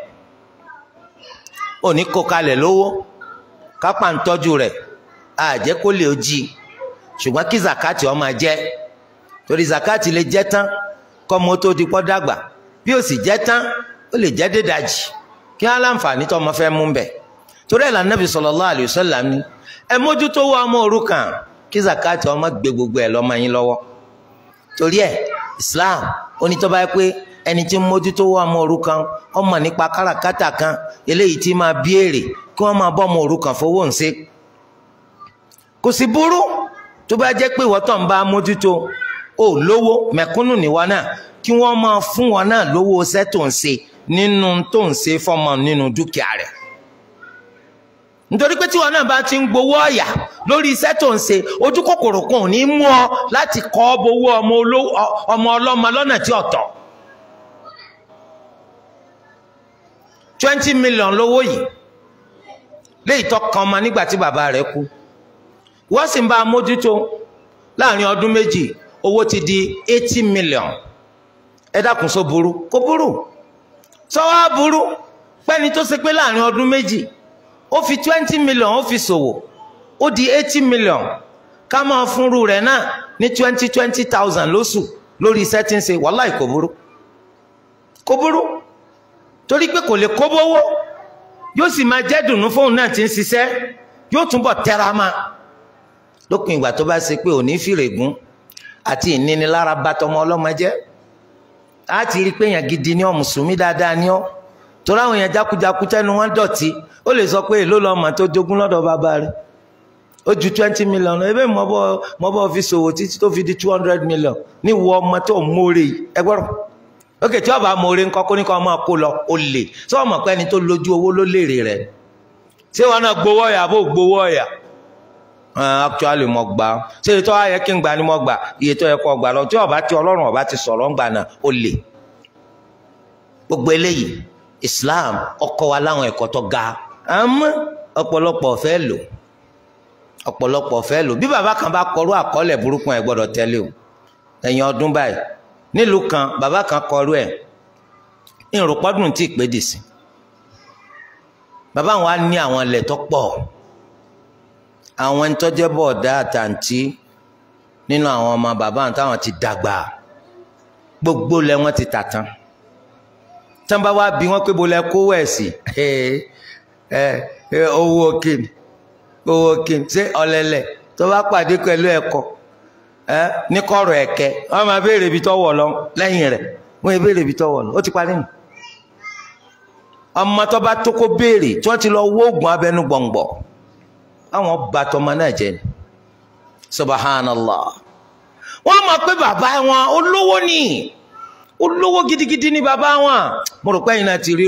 òní kó kalẹ̀ lówó kápá ń tọ́jú rẹ̀ àjẹ́ kó lè jí ṣùgbọ́n kí zakati ó máa jẹ́ torí zakati lè jẹ́ tán kọ́mọ tó di pọ́ dàgbà bí ó sì jẹ́ tán ó lè jẹ́ dédàjì kí á láǹfààní tó ọmọ fẹ́ mú bẹ̀ torí ẹ̀ lànà bí sallallahu alayhi wa sallam ni ẹ mójútó wọ ọmọ òrukàn kí zakati ó gbé gbogbo ẹ̀ lọ́mọ yín lọ́wọ́ torí ẹ̀ Islam onítọ́ bá yẹ pé ẹni tí ń mójútó wọ ọmọ òrukàn ọmọ nípa káràkátà kan eléyìí tí máa béèrè kí wọn máa bọ ọmọ kan fowó ń ṣe kò sí burú tó bá jẹ́ pé ìwọ tó ń bá mójútó ò lówó mẹ̀kúnnù níwọ náà kí wọ́n máa fún wọn náà lówó iṣẹ́ tó ń ṣe nínú tó ń ṣe fọmọ nínú dúkìá rẹ̀ nítorí pé tí wọn náà bá ti ń gbowó ọ̀yà lórí iṣẹ́ tó ń ṣe ojú kòkòrò kan ò ní mú ọ láti kọ́ bowó ọmọ ọlọ́mọ lọ́nà tí ọ̀tọ̀ twenty million lówó yìí léyìí tó kan ọmọ nígbà tí bàbá rẹ̀ kú wọ́n sì ń bá a mójútó láàrin ọdún méjì owó ti di eighty million ẹ dákun so burú kò burú sọ́wọ́ burú pẹ́ni tó ṣe pé láàrin ọdún méjì ó fi twenty million ó fi ṣòwò ó di eighty million ká máa fúnru rẹ̀ náà ní twenty twenty thousand lóṣù lórí iṣẹ́ tí ń ṣe wàláì kò burú kò burú torí pé kò lè kó bówó yóò sì máa jẹ́ dùnú fóun náà ti ń ṣiṣẹ́ yóò túnbọ̀ tẹ́ra máa lópin ìgbà tó bá ṣe pé òní fìrègún àti ìnínilára bá tọmọ ọlọ́mọ jẹ́ á ti rí i pé èèyàn gidi ni ọ́ mùsùlùmí dáadáa ni ọ́ torí àwọn èèyàn jákujáku tẹnu wọn dọ̀tí ó lè sọ pé èló lọ́mọ tó jogún lọ́dọ̀ bàbá rẹ̀ ó ju twenty million ebe mọ́bọ́ mọ́bọ́ fi ṣòwò títí tó fi di two hundred million ní ìwọ ọmọ tó ń ẹgbẹ́rún ókè tí ọba amóore ńkọ kó ní kọ ọmọ kó lọ ó lè tí wọn mọ pé ẹni tó lójú owó ló léèrè rẹ ṣé wọn náà gbowó ọyà àbó gbowó ọyà actually mo gbà ṣé ètò ayẹ kí n gbà ni mo gbà iye tó yẹ kó gbà lọ tí ọba tí Ọlọ́run ọba ti sọ̀rọ̀ ńgbà náà ó lè gbogbo eléyìí Islam ọkọ wa láwọn ẹ̀kọ́ tó ga àmọ́ ọ̀pọ̀lọpọ̀ fẹ́ lò ọ̀pọ̀lọpọ̀ fẹ́ lò bí bàbá kan bá kọrú àkọọ́lẹ̀ burúkú ẹ gbọ́dọ̀ tẹ̀lé o ẹ̀yin ọdún báyìí nílùú kan bàbá kan kọrú ẹ̀ ìrùpọ́dùn tí ìpè dì sí bàbá wọn á ní àwọn ilẹ̀ tó pọ̀ àwọn ẹni tó jẹ́ bọ̀ọ̀dá àtàǹtí nínú àwọn ọmọ bàbá wọn táwọn ti dàgbà gbogbo lẹ wọn ti tà tán tán bá wá bí wọn pé bolẹ kó wẹ̀ sí owó kìnnì owó kìnnì ṣé ọlẹ́lẹ̀ tó bá pàdé pẹ̀lú ẹ̀kọ́ ní kọ́rọ̀ ẹ̀kẹ́ wọ́n máa béèrè ibi tọ́wọ̀ lọ lẹ́yìn rẹ̀ wọ́n máa béèrè ibi tọ́wọ̀ lọ ó ti parí nù. ọmọ tó bá tó kó béèrè tí wọ́n ti lọ wó abẹnú gbọ̀ngbọ̀ àwọn bá tọmọ náà jẹ gidigidi ni bàbá wọn mo rò pé ẹ̀yin náà ti ẹ̀ rí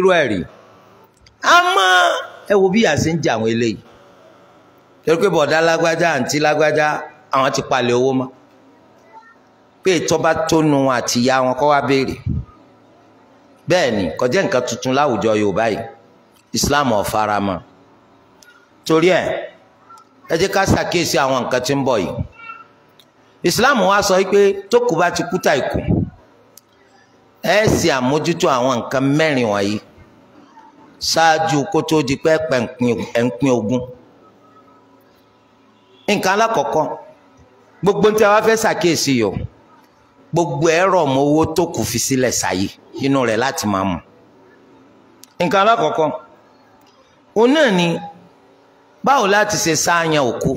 ẹ wo bí ń àwọn eléyìí torí pé bọ̀dá lágbájá àǹtí pé ìtọ́ba tónu àti ìyá wọn kọ́ wá béèrè bẹ́ẹ̀ ni kò jẹ́ nǹkan tuntun láwùjọ Yorùbá yìí Islam ò fara mọ́ torí ẹ̀ ẹ jẹ́ ká ṣàkíyèsí àwọn nǹkan tí ń bọ̀ yìí Islam wá sọ pé tókù bá ti kúta ìkù ẹ sì àmójútó àwọn nǹkan mẹ́rin wọ̀nyí ṣáájú kó tó di pé ẹ̀ǹpin ogun nǹkan alákọ̀ọ́kọ́ gbogbo ń tẹ́ wá fẹ́ ṣàkíyèsí yìí o gbogbo ẹ̀rọ mọ owó tó kù fi sílẹ̀ sáyé inú rẹ̀ láti máa mọ̀ nǹkan alákọ̀ọ́kọ́ òun náà ni báwo láti ṣe sáàyàn òkú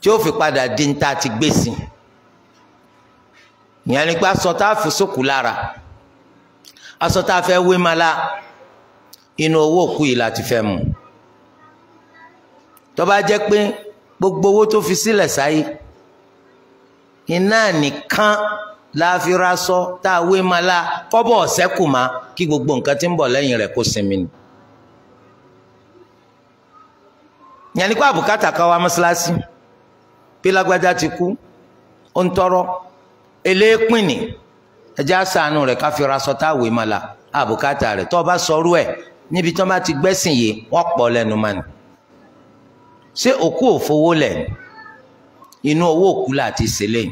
tí ó fi padà di ń ta ti gbé sí ìyẹn ni pé aṣọ lára aṣọ tá a inú owó òkú yìí láti fẹ́ mu tó bá pé gbogbo owó tó fi sílẹ̀ sáyé iná nìkan láàfíra sọ tá a wé máa la kọ́bọ̀ ọ̀sẹ́kù ma kí gbogbo nǹkan tí ń bọ̀ lẹ́yìn rẹ̀ kó sinmi ni. yẹn nípa àbùkátà ká wá mọ́ṣáláṣí bí lágbájá ti kú ó ń tọrọ eléépin ni ẹjẹ́ àṣàánú rẹ̀ káfíra sọ tá a wé máa la àbùkátà rẹ̀ tó o bá sọrú ẹ̀ níbi tí wọ́n bá ti gbẹ́sìn yìí wọ́n pọ̀ lẹ́nu mọ́ni ṣé òkú òfowó lẹ̀ ni inú ọwọ́ òkú láti ṣẹlẹ̀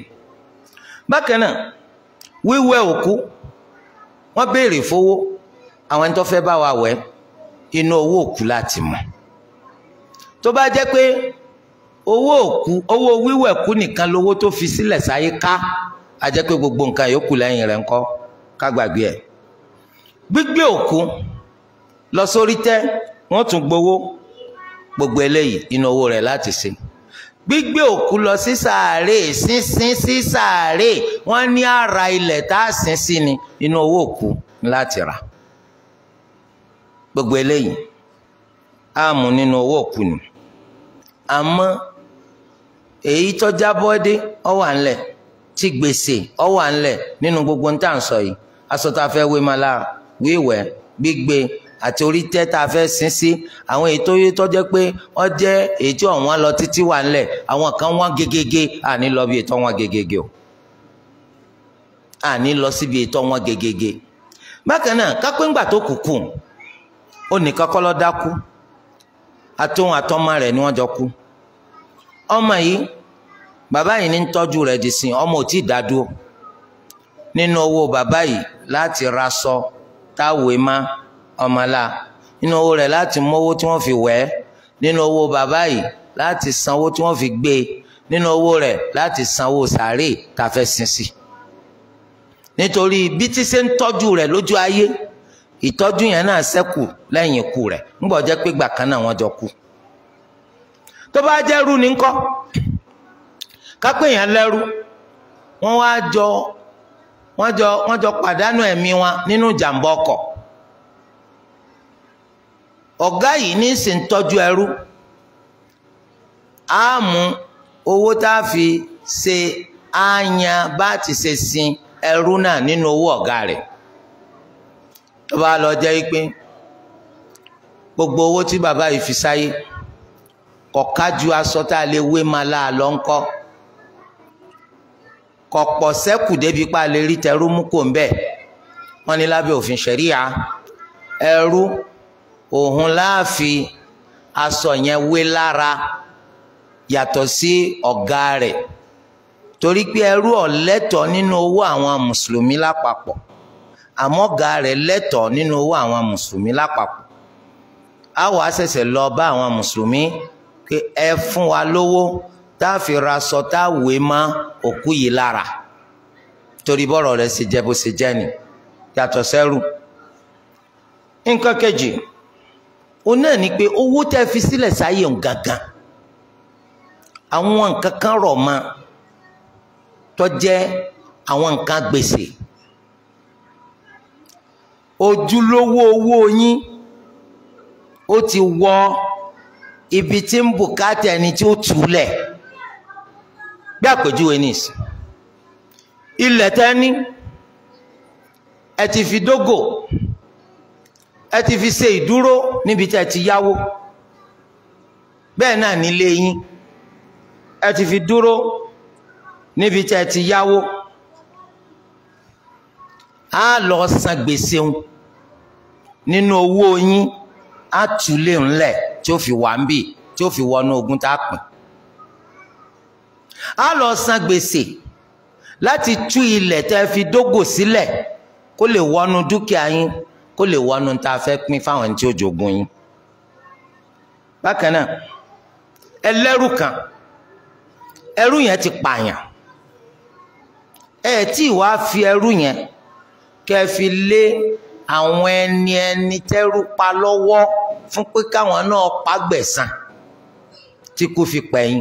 bákan náà wíwẹ̀ òkú wọ́n béèrè fowó àwọn ẹni tó fẹ́ bá wa wẹ̀ inú owó òkú láti mọ̀ tó bá jẹ́ pé owó òkú owó wíwẹ̀ kú nìkan lówó tó fi sílẹ̀ sáyé ká a jẹ́ pé gbogbo nǹkan yòókù lẹ́yìn rẹ̀ ńkọ́ ká gbàgbé ẹ̀ gbígbé òkú lọ sórí tẹ́ wọ́n tún gbowó gbogbo eléyìí inú owó rẹ̀ láti ṣe gbígbé òkú lọ sí sàárè sínsín sí sàárè wọ́n ní ara ilẹ̀ tá a sin sí ni inú owó òkú láti rà gbogbo eléyìí á mú nínú owó òkú ni àmọ́ èyí tọ́já bọ́dé ó wà ńlẹ̀ tí gbèsè ó wà ńlẹ̀ nínú gbogbo ń tà ń sọ yìí aṣọ tá a fẹ́ wé máa la wíwẹ̀ gbígbé àti orí tẹ́ tá a fẹ́ sin sí àwọn èyí tó yé tó jẹ́ pé wọ́n jẹ́ èyí tí ọ̀wọ́n lọ títí wà ńlẹ̀ àwọn kan wọ́n gegege àní lọ bí ètò wọn gegege o àní lọ síbi ètò wọn gegege bákan náà kápẹ́ ńgbà tó kúkú ó nìkan kọ́ lọ́ dákú atóhun àtọ́mọ rẹ̀ ni wọ́n jọ kú ọmọ yìí bàbá yìí ní ń tọ́jú rẹ̀ dì sìn ọmọ ò tí ì dádúró nínú owó bàbá yìí láti ra sọ táwèé máa ọmọlá nínú owó rẹ̀ láti mówó tí wọ́n fi wẹ̀ ẹ́ nínú owó bàbá yìí láti sanwó tí wọ́n fi gbé e nínú owó rẹ̀ láti sanwó sàárè tàfẹ́ sínsì nítorí bí tí ṣe ń tọ́jú rẹ̀ lójú ayé ìtọ́jú yẹn náà ṣẹ́kù lẹ́yìn ikú rẹ̀ ńgbọ́ jẹ́ pé gbà kan náà wọ́n jọ kú tó bá jẹ́ rú ni ńkọ́ kápẹ́ yẹn lẹ́rú wọ́n wá jọ wọ́n jọ wọ́n jọ pàdánù ẹ̀mí wọn nínú ìjàmbá ọkọ̀ ọ̀gá yìí ní sì ń tọ́jú ẹrú á mú owó tá a fi ṣe àyàn bá ti ṣe sin ẹrú náà nínú owó ọ̀gá rẹ̀ tó bá lọ jẹ́ pé gbogbo owó tí bàbá yìí fi sáyé kọ̀ọ̀ká ju aṣọ tá a lè wé máa láà lọ ńkọ́ kọ̀pọ̀ sẹ́kù débi pa lè rí tẹrú mú kò ń bẹ̀ wọ́n ní lábẹ́ òfin ṣẹ̀ríà ẹrú òun láàfi aṣọ yẹn wé lára yàtọ̀ sí ọ̀gá rẹ̀ torí pé ẹrú ọ̀lẹ́tọ̀ nínú owó àwọn mùsùlùmí lápapọ̀ àmọ́ ọ̀gá rẹ̀ lẹ́tọ̀ nínú owó àwọn mùsùlùmí lápapọ̀ a wà á ṣẹ̀ṣẹ̀ lọ bá àwọn mùsùlùmí pé ẹ fún wa lówó tá a fi ra aṣọ tá a wé mọ́ òkú yìí lára torí bọ́rọ̀ rẹ̀ ṣe jẹ́ bó ṣe jẹ́ ni yàtọ̀ sẹ́rù nǹkan kejì òun náà ni pé owó tẹ́ fi sílẹ̀ sáyé òun gangan àwọn nǹkan kan rọ̀ mọ́ tó jẹ́ àwọn nǹkan gbèsè ojúlówó owó yín ó ti wọ ibi tí ń bùkátà ẹni tí ó túlẹ̀ bí àpèjúwe nìsí ilẹ̀ tẹ́ ní ẹ ti fi dógò ẹ ti fi ṣe ìdúró níbi tẹ́ ti yáwó bẹ́ẹ̀ náà nílé yín ẹ ti fi dúró níbi tẹ́ ti yáwó á lọ san gbèsè òun nínú owó yín á túlé ńlẹ̀ tí ó fi wà ń bì tí ó fi wọnú ogún tá a pín á lọ san gbèsè láti tú ilẹ̀ tẹ́ fi dógò sílẹ̀ kó lè wọnú dúkìá yín kó lè wọnú tá a fẹ́ pín fáwọn ẹni tí ó jogun yín bákan náà ẹlẹ́rù kan ẹrú yẹn ti pààyàn ẹ tí wàá fi ẹrú yẹn kẹ́ fi lé àwọn ẹni ẹni tẹ́rú pa lọ́wọ́ fún pé káwọn náà pa gbẹ̀san tí kò fi pẹ̀yìn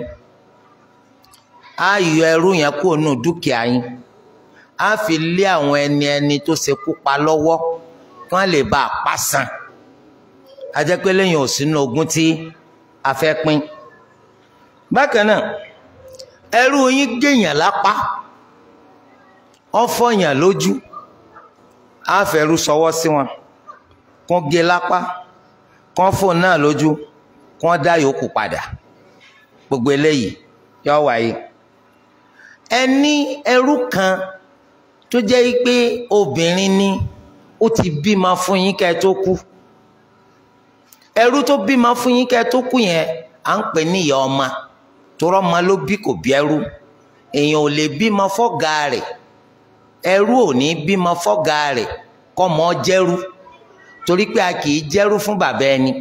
á yọ ẹrú yẹn kúrò nù dúkìá yín á fi lé àwọn ẹni ẹni tó ṣekú pa lọ́wọ́ kí wọ́n lè bá a pa san ajẹ́ pé lẹ́yìn ò sínú ogún tí a fẹ́ pín bákan náà ẹrú yín gèèyàn lápá ọfọyàn lójú àfẹrú sọwọ́ sí wọn kó gé lápá kó fóun náà lójú kó dá yòókù padà gbogbo eléyìí yọ wáyé ẹni ẹrú kan tó jẹ́ pé obìnrin ni. Obìnrin ni ó ti bímọ fún yín kẹ́ tó kú ẹrú tó bímọ fún yín kẹ́ tó kú yẹn à ń pè ní ìyá ọmọ torọ́ ọmọ ló bí kò bí ẹrú èèyàn ò lè bímọ fọ́gà rẹ̀ ẹrú ò ní bímọ fọ́gà rẹ̀ kọ́mọ jẹ́rú torí pé a kì í jẹ́rú fún bàbá ẹni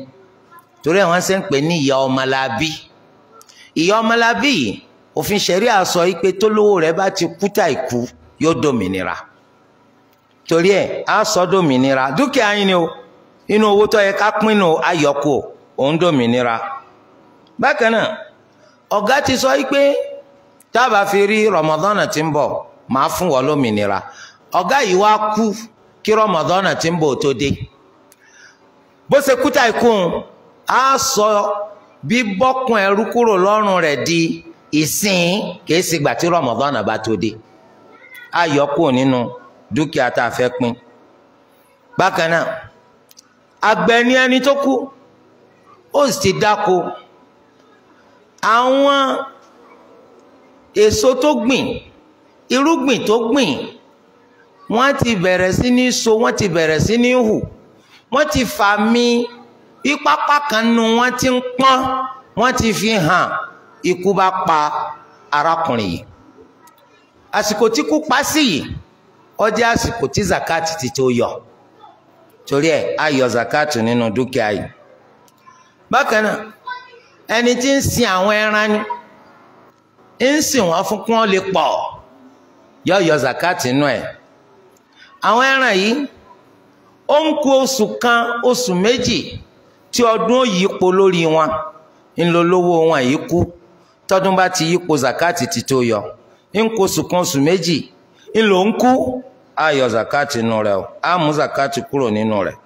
torí àwọn ṣe ń pè ní ìyá ọmọ la ìyá ọmọ la yìí òfin ṣẹ̀rí àsọ yìí pé tólówó rẹ̀ bá ti kú tàìkú yóò dòmìnira. torí ẹ̀ á sọ dòmìnira dúkìá yín ni o inú owó tó yẹ ká pinnu ayọ̀kù òun dòmìnira bákan náà ọ̀gá ti sọ pé tábà fi rí Ramadan ti ń bọ̀ máa fún wọn lómìnira ọ̀gá yìí wá kú kí Ramadan ti ń bọ̀ tó dé bó ikú di ìsìn kìí gbà tí Ramadan bá tó dúkìá tá a fẹ́ pín bákan náà àgbẹ̀ ni ẹni tó kú ó sì ti dáko àwọn èso tó gbìn irúgbìn tó gbìn wọ́n ti bẹ̀rẹ̀ sí ní so wọ́n ti bẹ̀rẹ̀ sí ní hù wọ́n ti fà mí ipápá kan nu wọ́n ti ń pọ́n wọ́n ti fi hàn ikú bá pa arákùnrin yìí àsìkò tí kú pa sí yìí ọjọ́ àsìkò tí zakat ti tó yọ torí ẹ̀ a yọ zakat nínú dúkìá yìí bákan náà ẹni tí ń sin àwọn ẹran ni ń sìn wọn fún kí wọn lè pọ̀ yọ yọ zakat nínú ẹ̀ àwọn ẹran yìí ó ń kú oṣù kan oṣù méjì tí ọdún yípo lórí wọn ńlọlọwọ wọn yìí kú tọdún bá ti yípo zakat ti tó yọ ń kó oṣù kan oṣù méjì ńlò ń kú á yọ zakati nù rẹ̀ o á mú zakati kúrò nínú rẹ̀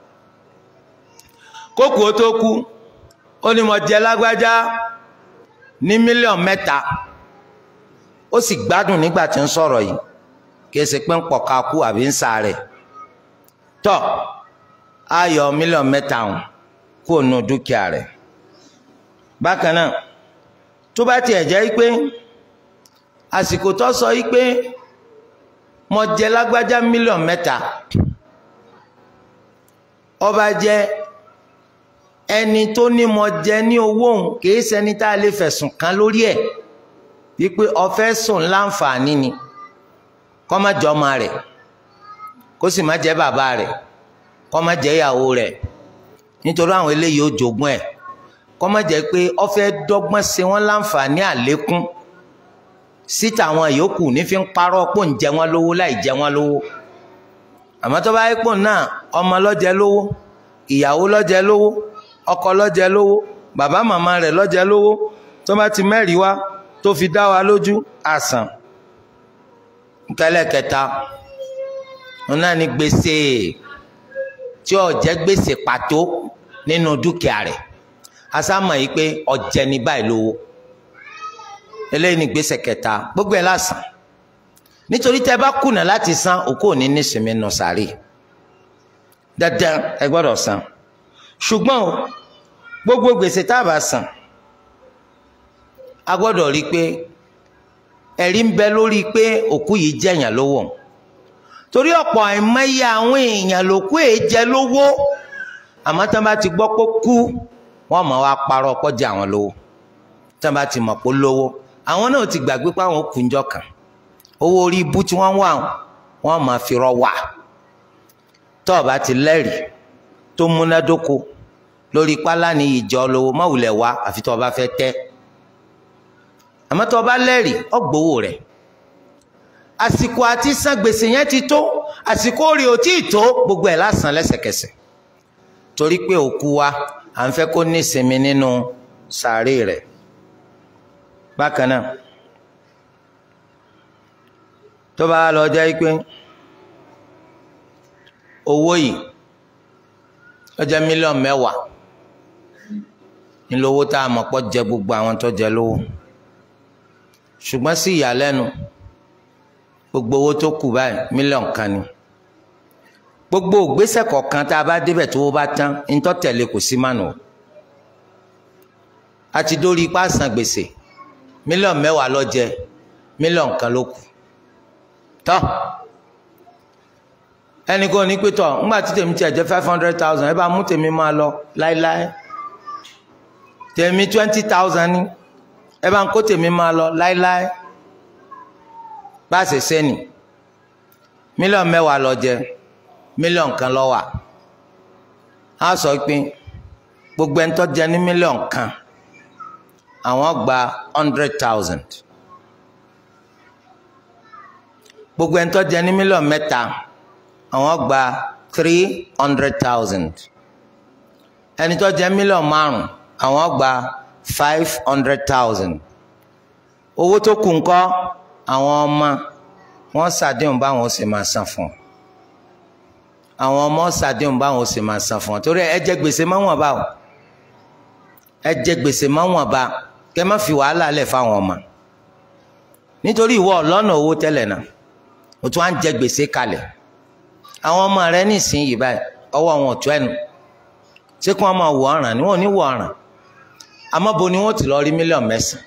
kókò tó kú ó ní mo jẹ lágbájá ní mílíọ̀n mẹ́ta ó sì gbádùn nígbà tí ń sọ̀rọ̀ yìí kì í ṣe pé ń pọ̀ka kú àbí ń sa rẹ̀ tọ́ á yọ mẹ́ta hùn kú ònú dúkìá rẹ̀ bákan náà tó bá tiẹ̀ jẹ́ pé àsìkò tó sọ pé. mo jẹ lágbájá mílíọ̀nù mẹ́ta ọba jẹ ẹni tó ní mo jẹ ní owó òun kìí ṣẹni tá a lè lórí ẹ̀ wípé ọfẹ́ sùn láǹfààní ni má jẹ ọmọ rẹ̀ kó sì má jẹ bàbá rẹ̀ kó má jẹ ìyàwó nítorí àwọn eléyìí ó síta àwọn yòókù nífi ń parọ́ pò ń jẹ wọ́n lówó láì jẹ wọ́n lówó àmọ́ tó bá yẹ pò náà ọmọ lọ́jẹ lówó ìyàwó lọ́jẹ lówó ọkọ lọ́jẹ lówó bàbá màmá rẹ̀ lọ́jẹ lówó tó bá ti mẹ́rìí wá tó fi dá wa lójú àsàn kẹlẹ́kẹta náà ní gbèsè tí ó gbèsè pàtó nínú dúkìá rẹ̀ asámọ̀ yìí pé ọ̀jẹ̀ ní báyìí lówó eléyìí ní gbèsè kẹta gbogbo ẹ̀ lásán nítorí tẹ́ bá kùnà láti san òkú òní nísìmí nù sàárè dandan ẹ gbọ́dọ̀ san ṣùgbọ́n o gbogbo gbèsè tá a bá san a gbọ́dọ̀ rí i pé ẹ̀rí ń bẹ lórí pé òkú yìí jẹ̀yàn lówó torí ọ̀pọ̀ àìmọye àwọn èèyàn lòkú èè jẹ lówó àmọ́ tán bá ti gbọ́ pé kú wọ́n mọ̀ wá parọ́ ọkọ́ jẹ àwọn lówó tán bá ti mọ̀ pé lówó àwọn náà ti gbàgbé pé àwọn kùnjọ kan owó orí ibú tí wọ́n wà wọ́n máa fi rọ wà tó o bá ti lẹ́rìí tó múnádóko lórí pálá ní ìjọ lówó má wulẹ̀ wá àfi tó o bá fẹ́ tẹ́ àmọ́ tó o lẹ́rìí ó rẹ̀ àsìkò àti san gbèsè yẹn ti tó àsìkò rè ò tí ì tó gbogbo ẹ̀ lásán lẹ́sẹ̀kẹsẹ̀ torí pé òkú wa à ń fẹ́ kó ní ìsinmi nínú sàárè rẹ̀ bákan náà tó bá lọ jẹ́ pé owó yìí ó jẹ́ mílíọ̀nù mẹ́wàá ńlówó tá a mọ̀ pọ̀ jẹ gbogbo àwọn tó jẹ lówó ṣùgbọ́n sí ìyàlẹ́nu gbogbo owó tó kù báyìí mílíọ̀nù kan ni gbogbo ògbésẹ̀ kọ̀ọ̀kan tá a bá débẹ̀ tó bá tán ńtọ́ tẹ̀lé kò sí mánu a ti dórí ipá san gbèsè mílíọ̀nù mẹ́wàá ló jẹ mílíọ̀nù kan ló kù tọ́ ẹnìkan ní pé tọ́ ńgbà tí tèmi tiẹ̀ jẹ́ five hundred thousand ẹ bá mú tèmi máa lọ láéláé tèmi twenty thousand ní ẹ bá ń kó tèmi máa lọ láéláé bá a ṣe ṣe nì mílíọ̀nù mẹ́wàá ló jẹ mílíọ̀nù kan ló wà á sọ pé gbogbo ẹni tó jẹ ní mílíọ̀nù kan àwọn gba hundred thousand gbogbo ẹni tó jẹ ní mílíọ̀nù mẹ́ta àwọn gba three hundred thousand ẹni tó jẹ mílíọ̀nù márùn àwọn gba five hundred thousand owó tó kù ńkọ́ àwọn ọmọ wọn ṣàdéhùn báwọn ó sì máa san fún àwọn ọmọ ṣàdéhùn báwọn ó sì máa san fún torí ẹ jẹ gbèsè máwọn bá ẹ jẹ gbèsè máwọn bá kẹ má fi wàhálà lẹ̀ fáwọn ọmọ nítorí ìwọ ọlọ́nà owó tẹ́lẹ̀ náà o tún á ń jẹ gbèsè kalẹ̀ àwọn ọmọ rẹ nísìnyìí báyìí ọwọ́ wọn tó ẹnu ṣé kí wọ́n máa wọ ọ̀ràn ni wọ́n ò ní wọ ọ̀ràn àmọ́ bo ni wọ́n ti lọ rí mílíọ̀nù mẹ́sàn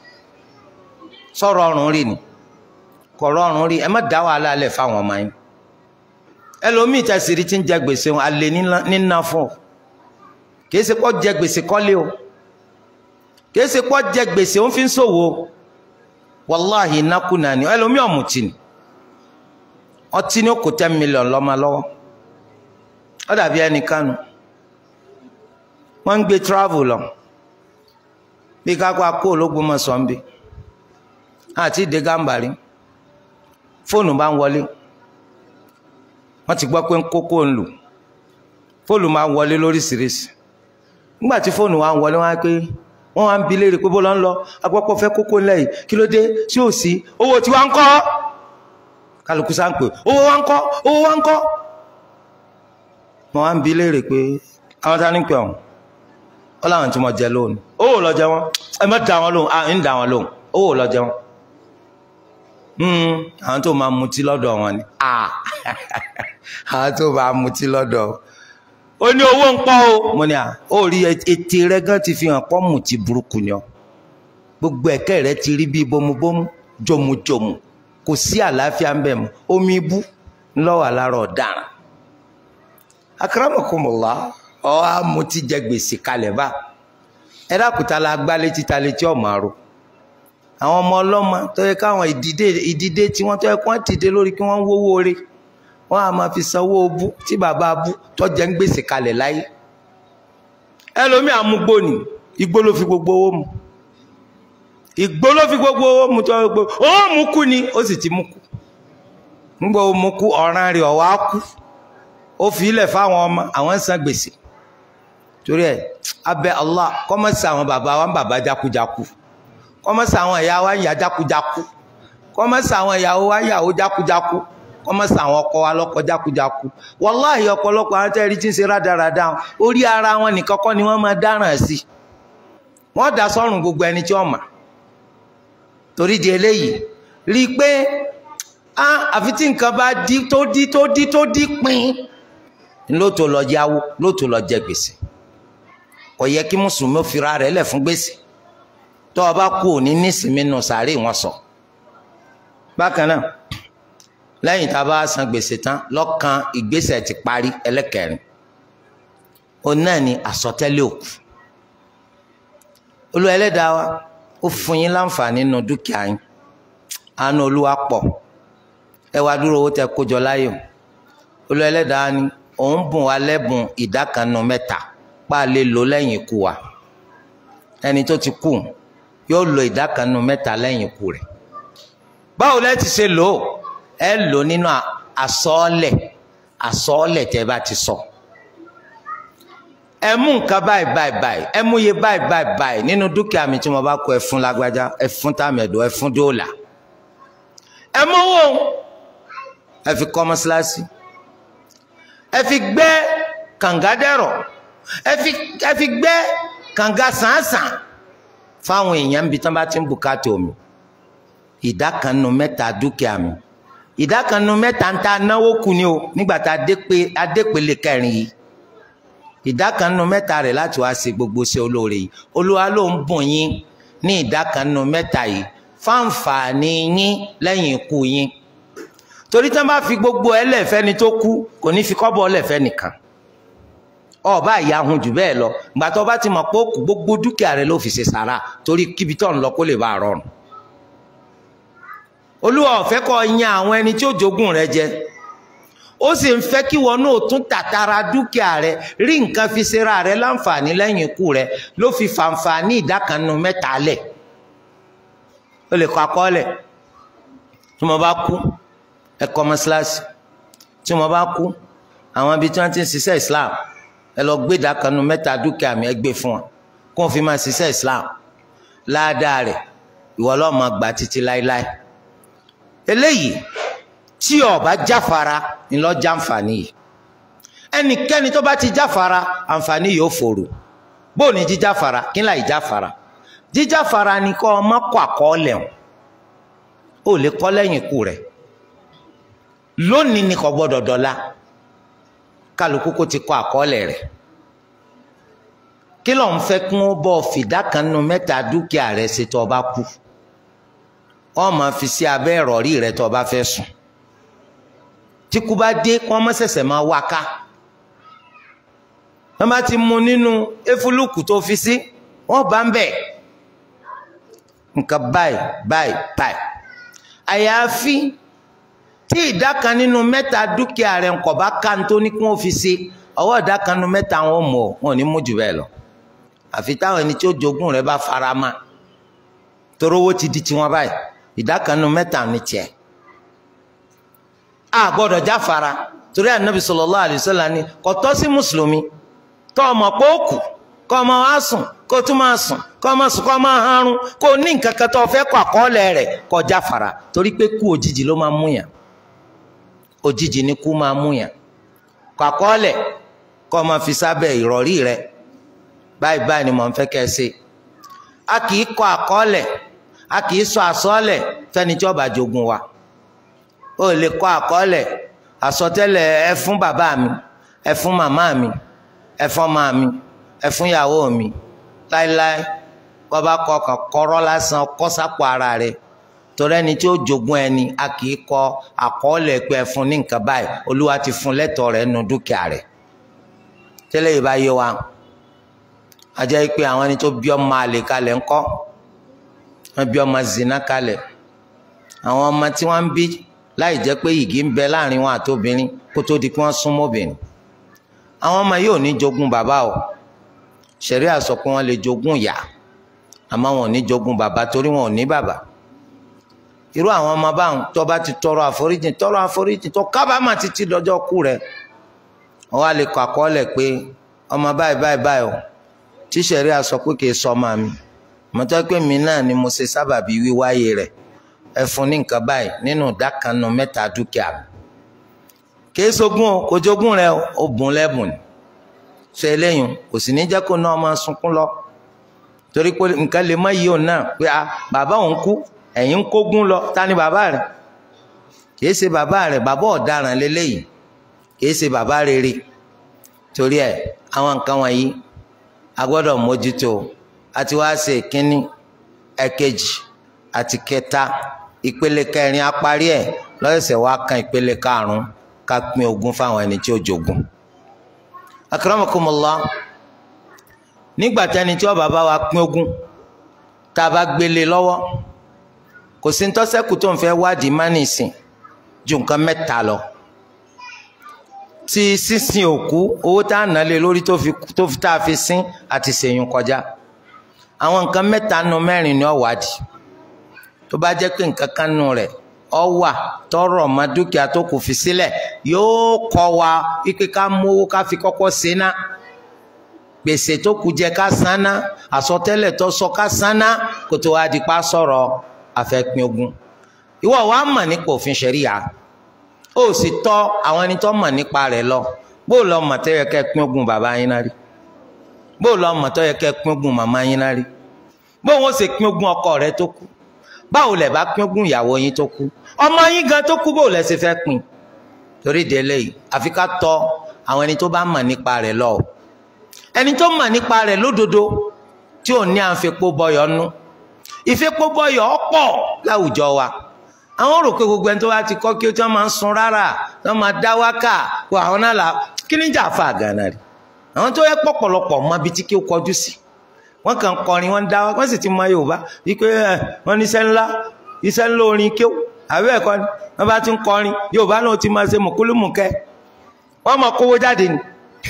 sọ̀rọ̀ ọ̀rùn rí ni kọ̀ rọrùn rí ẹ má dá wàhálà lẹ̀ fáwọn ọmọ yín ẹlòmíì tẹ̀sírí ti ń jẹ gbèsè wọn alẹ́ nínà fún ọ kì í ṣe pọ́ jẹ gbèsè kọ́lé o. ka ṣe pọ́ jẹ gbèsè ó fi ń ṣòwò wàláhì ni ẹlòmíì ọ̀mùtì ni ọtí ni ó kò ten million dàbí ẹnìkan nu wọ́n ń gbé travel lọ bí kápá kó ológun mọ̀ sọ́ńbì àti ìdè gàmbàrí fóònù bá ń wọlé ti gbọ́ pé ń kókó ń fóònù máa ń wọlé lóríṣiríṣi nígbà tí fóònù wọ́n wá ń bi léèrè pé bó lọ ń lọ agbọ́pọ̀ fẹ́ kókó ńlẹ̀ yìí kí ló dé tí ò sí owó tí wá ń kọ́ kálukú sá ń pè owó wá ń kọ́ owó wá ń kọ́ wọ́n wá ń bi léèrè pé àwọn tá ní pẹ̀ ọ̀hún ó láwọn tí mo jẹ lónìí owó lọ jẹ wọn ẹ mọ́ da wọn lóhùn à ń da wọn lóhùn owó lọ jẹ wọn hmm, àwọn tó máa mutí lọ́dọ̀ wọn ni ah, àwọn tó máa mutí lọ́dọ̀ wọn ó ní owó ń pọ̀ o. mo ní à ó rí ètè e, rẹ gan ti fi hàn pọ́ọ̀mù ti burúkú ni ọ gbogbo ẹ̀kẹ́ rẹ ti rí bí bomubomu jòmùjòmù kò sí àlàáfíà ń bẹ̀ mu omi ibú ńlọ́wọ́ alárọ̀ ọ̀daràn. akaramakomola ọ á mu ti jẹ gbèsè kalẹ̀ bá ẹ dákúta la gbá létí ta létí ọ̀ máa àwọn ọmọ ọlọ́mọ tó yẹ káwọn ìdìde ìdìde tí wọ́n tó yẹ kí wọ́n dìde lórí kí wọ́n wówó re wọ́n á máa fi sanwó bú tí bàbá bú tọ́jà ń gbèsè kalẹ̀ láyé ẹlòmíì àmúgbò ní igbó ló fi gbogbo owó mu igbó ló fi gbogbo owó mu tó gbogbo ó mú kú ni ó sì ti mú kú ńgbọ́ mú kú ọ̀ràn rẹ̀ ọ̀wá kú ó fi ilẹ̀ fáwọn ọmọ àwọn san gbèsè torí ẹ̀ abẹ Allah kọ́mọ́sí àwọn bàbá wa ń bàbá jákujáku kọ́mọ́sí àwọn ìyá wa ń yà jákujáku kọ́mọ́sí àwọn ìyàwó wa ń yàwó jákujáku kọ́mọ́sí àwọn ọkọ wa lọ́kọ jákujáku wàláhì ọ̀pọ̀lọpọ̀ àwọn tẹ́rí tí ń ṣe rádaràda orí ara wọn nìkan kọ́ ni wọ́n máa dáràn sí wọ́n dá sọ́rùn gbogbo ẹni tí wọ́n mà torí di eléyìí rí i pé á àfi tí nǹkan bá di tó di tó di tó di pin lóòótọ́ lọ yáwó lóòótọ́ lọ jẹ gbèsè kò yẹ kí mùsùlùmí ó fira rẹ̀ lẹ̀ fún gbèsè tó o bá kú òní nísìmínú sàárè wọn sọ bákan náà lẹ́yìn tá a bá san gbèsè tán lọ́kàn ìgbésẹ̀ ti parí ẹlẹ́kẹrin òun náà ni àsọtẹ́lẹ̀ òkú Olúwa ẹlẹ́dàá wa ó fún yín láǹfààní nínú dúkìá yín àánú Olúwa pọ̀ ẹ wá dúró owó tẹ kójọ láyò Olúwa ẹlẹ́dàá ni òun bùn wá lẹ́bùn ìdá kan nínú mẹ́ta pa lè lò lẹ́yìn ikú wa ẹni tó ti kú yóò lo ìdá kan nínú mẹ́ta lẹ́yìn ikú rẹ̀ báwo lẹ́ ti ṣe lò ó ẹ lò nínú àsọọ́lẹ̀ àsọọ́lẹ̀ tẹ́ bá ti sọ ẹ mú nǹkan báyìí báyìí báyìí ẹ mú iye báyìí báyìí báyìí nínú dúkìá mi tí mo bá kó ẹ fún lágbájá ẹ fún tàmẹ̀dò ẹ fún dóòlà ẹ mówó ẹ fi kọ́ mọ́ṣáláṣí ẹ fi gbẹ́ kàngádẹ́rọ̀ ẹ fi ẹ fi gbẹ́ kànga sàǹsàn fáwọn èèyàn bí tán bá ti ń bùkátà omi ìdá kan nu mẹ́ta dúkìá mi ìdákanu mẹ́ta ń ta náwó kù ni o nígbà tá a dépele kẹrin yìí ìdákanu mẹ́ta rẹ̀ láti wá ṣe gbogbo ṣe olóore yìí olúwa ló ń bùn yín ní ìdákanu mẹ́ta yìí fáǹfààní yín lẹ́yìn ikú yín torí tán bá fi gbogbo ẹlẹ́fẹ́ni tó kú kò ní fi kọ́bọ̀ ẹlẹ́fẹ́ nìkan ọba ìyahun jù bẹ́ẹ̀ lọ gbàtọ́ bá ti mọ̀ pé gbogbo dúkìá rẹ̀ ló fi ṣe sàrà torí kíbi tó ń lọ kó lè bá a rọrùn olúwa ò fẹ́ kó yan àwọn ẹni tí ó jogún rẹ jẹ ó sì ń fẹ́ kí wọn náà tún tàtara dúkìá rẹ rí nǹkan fi ṣera rẹ láǹfààní lẹ́yìn ikú rẹ ló fi fàǹfààní ìdá mẹ́ta lẹ̀ ó lè kọ akọ́lẹ̀ tí mo bá kú ẹ mọ́ṣáláṣí tí mo bá kú àwọn ibi tí wọ́n ti ń ṣiṣẹ́ Islam ẹ lọ gbé ìdá kan nu mẹ́ta dúkìá mi ẹ fún wọn kó o fi máa ṣiṣẹ́ Islam láàdáa rẹ̀ ìwọ lọ́ọ́ máa gbà títí láéláé eléyìí tí ọba jáfara ńlọ jàǹfààní yìí ẹnikẹ́ni tó bá ti jáfara àǹfààní yóò fòrò bóò ní jíjáfara kí láì jáfara jíjáfara ni kọ́ ọmọ kọ́ àkọọ́lẹ̀ hàn ó lè kọ́ lẹ́yìn ikú rẹ̀ lónìí ni kò gbọ́dọ̀ dọ́là kálukú kó ti kọ́ àkọọ́lẹ̀ rẹ̀ kí ló ń fẹ́ kí wọ́n fìdá kan nu mẹ́ta dúkìá rẹ̀ ṣètò ọba kú ọ máa fi sí abẹ́ ìrọ̀rí rẹ tó o bá fẹ́ sùn tí kú bá dé kó má ṣẹ̀ṣẹ̀ máa wá ká wọ́n bá ti mu nínú éfúlùkù tó fi sí wọ́n bá ń bẹ̀ nǹkan báyìí báyìí báyìí àyàfi tí ìdá kan nínú mẹ́ta dúkìá rẹ̀ ńkọ̀ bá ká ní tó ní kí wọ́n fi sí ọwọ́ ìdá kan nínú mẹ́ta wọn mọ̀ wọn ò ní mú jù bẹ́ẹ̀ lọ àfi táwọn ẹni tí ó jogún rẹ̀ bá fara mọ́ torówó ti di tiwọn báyìí. ìdákanu mẹ́ta ni tiẹ̀ a gbọ́dọ̀ jáfara torí ànábì sọlọ alaihi wasallam ni kò tọ́ sí mùsùlùmí kọ́ ọmọ pé ó kọ kọ́ ọmọ wa sùn kó tún máa sùn kọ́ ọmọ sùn kọ́ ọmọ harun kó ní nǹkan kan tó fẹ́ kọ́ àkọọ́lẹ̀ rẹ̀ kọ́ jáfara torí pé kú òjijì ló máa mú òjijì ni kú máa mú kọ́ àkọọ́lẹ̀ kọ́ ọmọ fi sábẹ́ ìrọ̀rí báyìí báyìí ni mò ń fẹ́ kẹ́ ẹ ṣe a kì í kọ́ àkọọ́lẹ̀ a kì í sọ àsọlẹ̀ fẹ́ni tí ó bá jogun wa ó lè kọ àkọọ́lẹ̀ àsọtẹ́lẹ̀ ẹ fún bàbá mi ẹ fún màmá mi ẹ fún ọmọ mi ẹ fún ìyàwó mi láéláé wọ́n bá kọ kàn kọ́rọ́ lásán kọ́ sápò ara rẹ̀ torí ẹni tí ó jogun ẹni a kì í kọ àkọọ́lẹ̀ pé ẹ ní nǹkan báyìí olúwa ti fún lẹ́tọ̀ọ́ rẹ̀ nù dúkìá rẹ̀ tẹ́lẹ̀ yìí bá yé wa a jẹ́ pé àwọn ẹni tó bí ọmọ àlè kalẹ̀ ńkọ́ wọ́n bí ọmọ zina kalẹ̀ àwọn ọmọ tí wọ́n ń bí láì jẹ́ pé ìgì ń bẹ láàrin wọn àtobìnrin kó tó di pé wọ́n súnmọ́ obìnrin àwọn ọmọ yóò ní jogún bàbá o ṣẹ̀ríà sọ pé wọ́n lè jogún ìyá àmọ́ wọn ò ní jogún bàbá torí wọn ò ní bàbá irú àwọn ọmọ báwọn tó bá ti tọrọ àforíjì tọrọ àforíjì tó kábàámà títí dọjọ́ kú rẹ̀ wọ́n á lè kọ àkọọ́lẹ̀ pé ọmọ báyìí báyìí báyìí o tíṣẹ̀rí àsọ pé kì í sọ ọmọ mi mọtọpẹ mi náà ni mo ṣe sábàbí wíwáyé rẹ̀ ẹ fún ní nǹkan báyìí nínú ìdákanu mẹ́ta dúkìá kìí sogún o kò jogún rẹ̀ o bùn lẹ́bùn sọ eléyìí kò sì ní jẹ́ kó náà máa sunkún lọ torí pé nǹkan lè má yí òun náà pé a ah, bàbá òun kú ẹ̀yin ń kógun lọ ta ni bàbá rẹ̀ kìí ṣe bàbá rẹ̀ bàbá ọ̀daràn lélẹ́yìí kìí ṣe bàbá rere torí ẹ̀ àwọn nǹkan wọ̀nyí a gbọ́dọ̀ mójútó àti wá ṣe ìkíní ẹ̀kejì àti kẹta ìpele kẹrin apárí ẹ̀ lọ́sẹ̀ wá kan ìpele karùn-ún ká pín ogún fáwọn ẹni tí ó jogun. akramakumullah nígbà tẹni tí ọba bá wa pín ogún tá a bá gbélé lọ́wọ́ kò sí ní tọ́sẹ́kù tó ń fẹ́ wádìí má ju nǹkan mẹ́ta lọ ti sísìn òkú owó tá a nà lé lórí tó fi tá a fi sin àti sèyún kọjá. àwọn nǹkan mẹ́ta nu mẹ́rin ni tó bá jẹ́ pé nǹkan rẹ̀ tọrọ ma dúkìá tó kò fi sílẹ̀ yóò kọ́ wa pípé ká mówó ká fi kọ́kọ́ ṣe gbèsè tó kù jẹ ká sọ ká sanná tó wá àfẹpin ogun ìwọ wa nípa òfin ṣẹríya ó tọ àwọn ẹni tó nípa lọ bó lọ kẹ pin ogun bàbá yín bó lọ ọmọ tó yẹ kẹ́ pín ogún màmá yín náà rí bó wọn ṣe pín ogún ọkọ rẹ tó kú báwo lẹ bá pín ogún ìyàwó yín tó kú ọmọ yín gan tó kú bó lẹ ṣe fẹ́ pín torí délé yìí àfi ká tọ àwọn ẹni tó bá mọ̀ nípa rẹ̀ lọ ẹni tó mọ̀ nípa rẹ̀ lódodo tí ò ní à ń fepo bọyọ nú ìfepo bọyọ pọ̀ láwùjọ wa àwọn rò pé gbogbo ẹni tó bá ti kọ́ kí ó tí máa ń sun rárá tí máa dá wákà wọ àwọn là kí ní jà fà gánà rí àwọn tó yẹ pọ̀pọ̀lọpọ̀ mọ ibi tí kí ó kọjú sí wọ́n kàn kọrin wọ́n dá wọ́n sì ti mọ Yorùbá wípé wọ́n ní iṣẹ́ ńlá iṣẹ́ ńlá orin kí ó àbẹ́ ẹ̀kọ́ ni wọ́n bá ti ń kọrin Yorùbá náà ti máa ṣe mùkúlùmùkẹ́ wọ́n mọ kówó jáde ni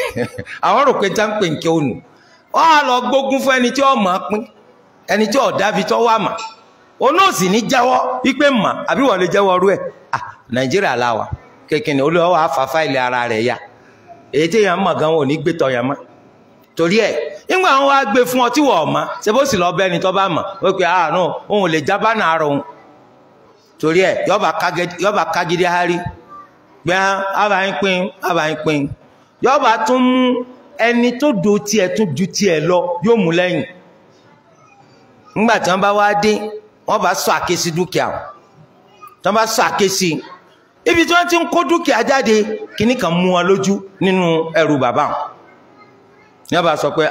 àwọn rò pé jáǹpé ń kí ó nù wọ́n á lọ gbógun fún ẹni tí ó mọ̀ pín ẹni tí ọ̀dà fi tọ́ wà mà òun náà ní jẹ́wọ́ wípé mà àbí wọ́n lè rú ẹ̀ Nàìjíríà láwa kékeré olùwà wà á fa fáìlì ara rẹ̀ yá èyí tí mọ̀ gan wọn ò ní gbé torí ẹ̀ nígbà wọn wá gbé fún tí ṣe bó sì lọ bẹ́ni tó bá mọ̀ ó pe àánú ah, òun ò lè já bánà ara òun torí ẹ̀ yọba kágídí hárí gbẹ́n àbáyín pín pín lọ yóò mú lẹ́yìn nígbà tí sọ dúkìá sọ ibi tí wọ́n ti ń kó dúkìá jáde kìíní kan mú wọn lójú nínú ẹrù bàbá wọn ní ọba sọ pé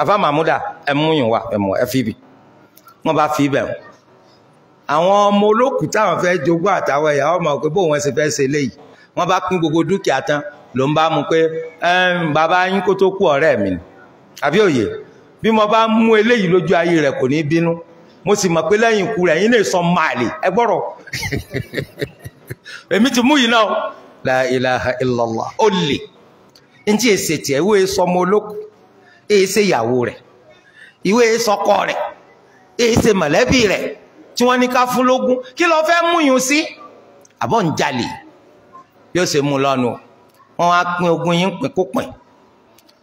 àfa mahmuda ẹmú yìí wá ẹmú ẹ fi bì wọn bá fi bẹ̀ wọn àwọn ọmọ olókùú táwọn fẹ́ jogún àtàwọn ẹ̀yà ọmọ pé bóun ẹsẹ̀ fẹ́ ṣe léyìí wọn bá pín gbogbo dúkìá tán ló ń bá mu pé bàbá yín kó tó kú ọ̀rẹ́ mi ni àbí òye bí mo bá mú eléyìí lójú ayé rẹ̀ kò ní bínú mo sì mọ̀ pé lẹ́yìn ikú rẹ̀ yín lè sọ máàlì ẹ gbọ́rọ̀ èmi ti mú yìí náà la ilaha illallah ó lè n tí èsè tí ẹ ìwé sọmọ olóko èsè ìyàwó rẹ ìwé sọkọ rẹ èsè mọ̀lẹ́bí rẹ tí wọ́n ní ká fún lógún kí ló fẹ́ mú yùn sí àbọ̀ ń jalè bí ó ṣe mú lọ́nu wọ́n á pín ogún yín pín kó pín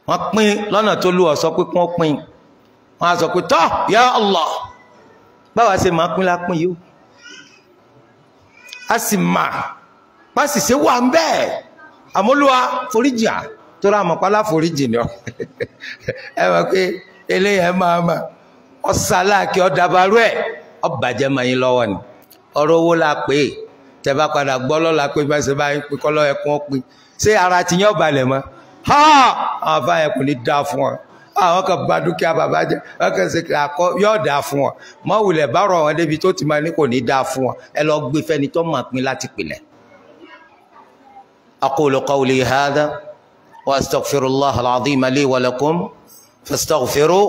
wọ́n pín lọ́nà tó lù ọ́ pé kí pín wọ́n á sọ pé tọ́ ya Allah báwa ṣe máa pín lápín yìí o. a sì mà pásìsé wà amoluwa bẹ́ẹ̀ àmúlùwà foríjì à torí àmọ̀pálá foríjì ni ọ ẹ mọ̀ pé eléyẹ̀ ma mà ọ̀sálàkì ọ̀dàbàrú ẹ̀ ọ̀bàjẹ́ mọ̀ yín lọ́wọ́ ni ọ̀rọ̀ owó la pè é la bá padà gbọ́ lọ́la ara ti ha àwọn kan bà dúkìá bàbá jẹ́ wọ́n kàn ṣe àkọ yóò dáa fún wọn mọ́ wulẹ̀ bá wọn débi tó ti máa ní kò ní dáa fún wọn ẹ lọ gbé fẹ́ni tó máa pín láti pilẹ̀. aqulu qawli hadha wa astaghfirullaha al-azim li wa lakum fastaghfiru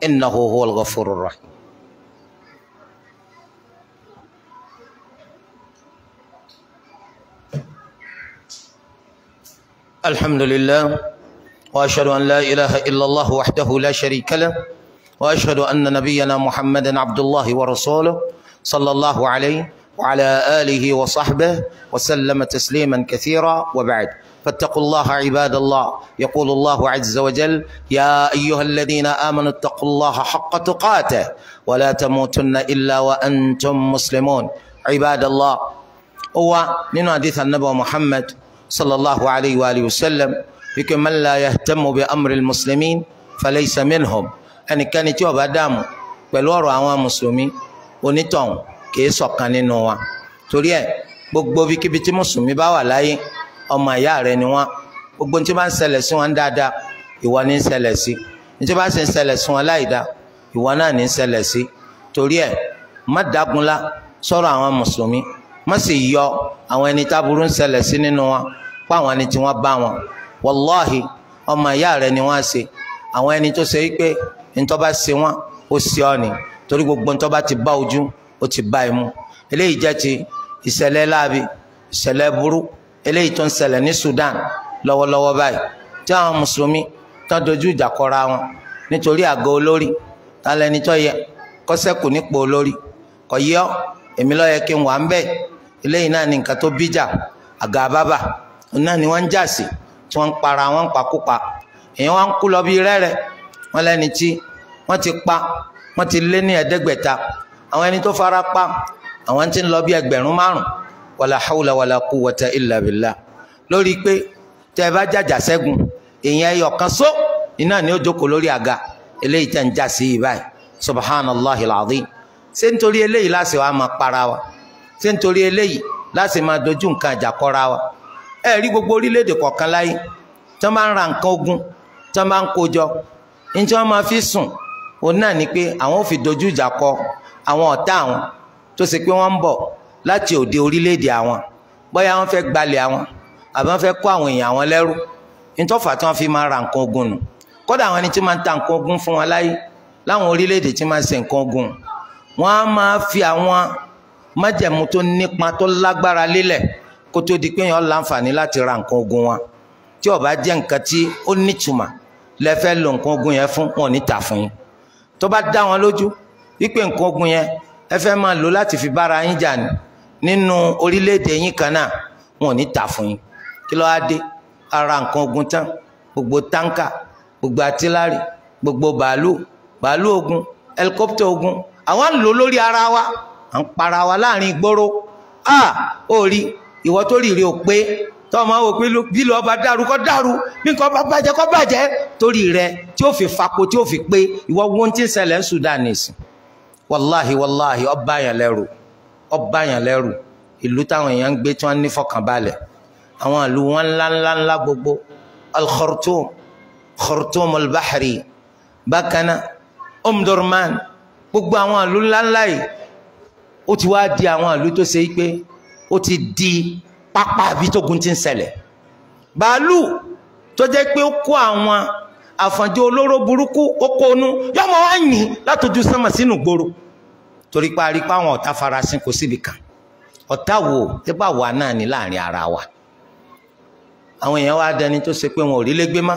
innahu huwal ghafurur rahim. وأشهد أن لا إله إلا الله وحده لا شريك له وأشهد أن نبينا محمدا عبد الله ورسوله صلى الله عليه وعلى آله وصحبه وسلم تسليما كثيرا وبعد فاتقوا الله عباد الله يقول الله عز وجل يا أيها الذين آمنوا اتقوا الله حق تقاته ولا تموتن إلا وأنتم مسلمون عباد الله هو من حديث النبي محمد صلى الله عليه وآله وسلم wípé man la yahtamu bi amri al-muslimin falaysa minhum ẹnikẹ́ni tí ó bá dààmú pẹ̀lú ọ̀rọ̀ àwọn mùsùlùmí onítọ̀hún kìí ṣọ̀kan nínú wa torí ẹ̀ gbogbo bíkíbi tí mùsùlùmí bá wà láyé ọmọ ìyá rẹ̀ ni wọ́n gbogbo tí bá ń ṣẹlẹ̀ sí wọn dáadáa ìwọ ni ń ṣẹlẹ̀ sí tí bá sì ń ṣẹlẹ̀ sí wọn láìda ìwọ náà ni ń ṣẹlẹ̀ sí torí ẹ̀ má dágunlá sọ̀rọ̀ àwọn mùsùlùmí má sì yọ àwọn ẹni táburú ń ṣẹlẹ̀ sí nínú wọn pa àwọn ẹni tí wọ́n bá wọn wàláhì ọmọ ìyá rẹ ni wọ́n á ṣe àwọn ẹni tó ṣe é pé ntọ́ bá ṣe wọ́n ó ṣe ọ́ ni torí gbogbo ntọ́ bá ti bá ojú ó ti bá imú eléyìí jẹ́ ti ìṣẹ̀lẹ̀ láabi ìṣẹ̀lẹ̀ burú eléyìí tó ń ṣẹlẹ̀ ní Sudan lọ́wọ́lọ́wọ́ báyìí tí àwọn mùsùlùmí tó dojú ìjà kọra wọn nítorí àgọ́ olórí tálẹ́ni tó yẹ kó nípò olórí kò yẹ ọ́ èmi ló yẹ kí n wà ń bẹ́ẹ̀ eléyìí náà ni nǹkan tó bíjà àgàbàbà náà ni wọ́n ń jà sí tí wọ́n ń para wọ́n ń pakópa èèyàn wá ń kú lọ bí rẹ́rẹ́ wọ́n lẹ́ni tí wọ́n ti pa wọ́n ti lé ní ẹ̀ẹ́dẹ́gbẹ̀ta àwọn ẹni tó fara pa àwọn tí ń lọ bí ẹgbẹ̀rún márùn wàlà hawla wàlà quwwata illa billah lórí pé tẹ́ ẹ bá jàjà ṣẹ́gun èèyàn ẹyọ kan só iná ni ó jókòó lórí àga eléyìí tẹ́ ń já sí yìí báyìí subhanallahi ṣé nítorí eléyìí láti wàá máa para wa ṣé nítorí eléyìí láti máa dojú nǹkan àjàkọ́ra wa ẹ rí gbogbo orílẹ̀-èdè kọ̀ọ̀kan láyé tí wọ́n bá ń ra nǹkan ogun tí wọ́n bá ń kó jọ ní tí wọ́n máa fi sùn òun náà ni pé àwọn ò fi dojú ìjà kọ àwọn ọ̀tá àwọn tó ṣe pé wọ́n ń bọ̀ láti òde orílẹ̀-èdè àwọn bóyá wọ́n fẹ́ gbalẹ̀ àwọn àbí wọ́n fẹ́ kó àwọn èèyàn àwọn lẹ́rú nítòfà tí wọ́n fi máa ra nǹkan ogun nù kódà àwọn ẹni tí máa ń ta nǹkan ogun fún wọn láyé láwọn orílẹ̀-èdè tí máa ń ṣe nǹkan ogun wọ́n á máa fi àwọn májẹ̀mú tó nípa tó lágbára lélẹ̀ kótó di pé yẹn láǹfààní láti ra nǹkan ogun wọn tí ó bá jẹ́ nǹkan tí ó nítumọ̀ lẹ́fẹ́ lo nǹkan ogun yẹn fún wọn níta fún yín tó bá dá wọn lójú wípé nǹkan ogun yẹn ẹ fẹ́ máa lò láti fi bára yín jà ní nínú orílẹ̀-èdè yín kan náà wọn níta fún yín kí ló á dé ara nǹkan ogun tán gbogbo táǹkà gbogbo àtìláàrí gbogbo bàálù bàálù ogun ẹlikọ́pítà ogun àwọn ń lò lórí ara wa à ń para wa láàrin ìgboro a ò rí i ìwọ tó rìrì ò pé tọ́mọ wò pé bílò ọba dàrú kọ́ dàrú bí nǹkan bá bàjẹ́ kọ́ bàjẹ́ torí rẹ tí ó fi fako tí ó fi pé ìwọ wọn ti ń ṣẹlẹ̀ ń Sudan nìsín wàláhi wàláhi ọba yẹn lẹ́rù ọba yẹn lẹ́rù ìlú táwọn èèyàn ń gbé tí wọ́n ní fọkànbalẹ̀ àwọn ìlú wọn ńláńláńlá gbogbo al-Khartoum Khartoum al-Bahri bákan Omdurman umm gbogbo àwọn ìlú ńláńlá yìí ó ti wá di àwọn ìlú tó ṣe é pé ó ti di pápá àbí tógun ti ń ṣẹlẹ̀ bàálù tó jẹ́ pé ó kó àwọn àfànjẹ́ olóró burúkú ó kó onú yọmọ wá yìn látòjú sánmà sínú gbòòrò torí pé rí pé àwọn ọ̀tá farasin kò síbi kan ọ̀tá wo tí bá wà náà ní láàrin ara wa àwọn èèyàn wá dẹni tó ṣe pé wọn ò rí lé gbé mọ́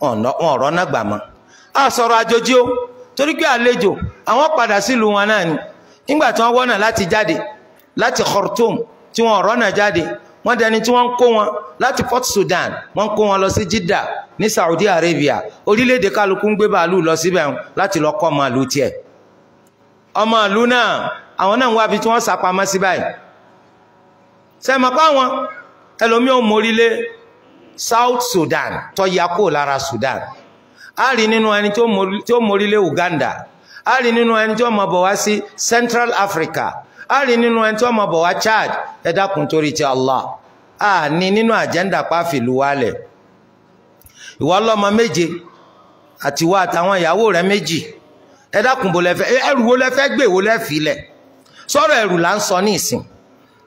wọn ọ̀rọ̀ náà gbà mọ́ a sọ̀rọ̀ àjòjì torí pé àlejò àwọn padà sílùú wọn náà ni nígbà tí wọ́n wọ́nà láti jáde láti Khartoum tí wọ́n rọ́nà jáde wọ́n dẹni tí wọ́n kó wọn láti Port Sudan wọ́n ń kó wọn lọ sí Jeddah ní Saudi Arabia orílẹ̀-èdè kálukú ń gbé bàálù lọ síbẹ̀ láti lọ kọ́ ọmọ àlù tiẹ̀ ọmọ àlù náà àwọn náà ń wá ibi tí wọ́n sàpamọ́ sí báyìí sẹ́mọ̀ wọn ẹlòmí ò South Sudan tó ya kó lára Sudan a rí nínú ẹni tí ó mórí Uganda a rí nínú ẹni tí ó mọ̀ bọ̀ wá sí Central Africa a rí nínú ẹni tí wọ́n mọ̀ bọ̀ wá Chad ẹ dákun torí ti Allah a ní nínú àjẹ́ndà pàfìlú wálẹ̀ ìwọ ọlọ́mọ méje àti wá àtàwọn ìyàwó rẹ méjì ẹ dákun bò lẹ́fẹ́ ẹrù wo lẹ́fẹ́ gbé wo lẹ́fìlẹ̀ sọ̀rọ̀ ẹrù là ń sọ ní ìsìn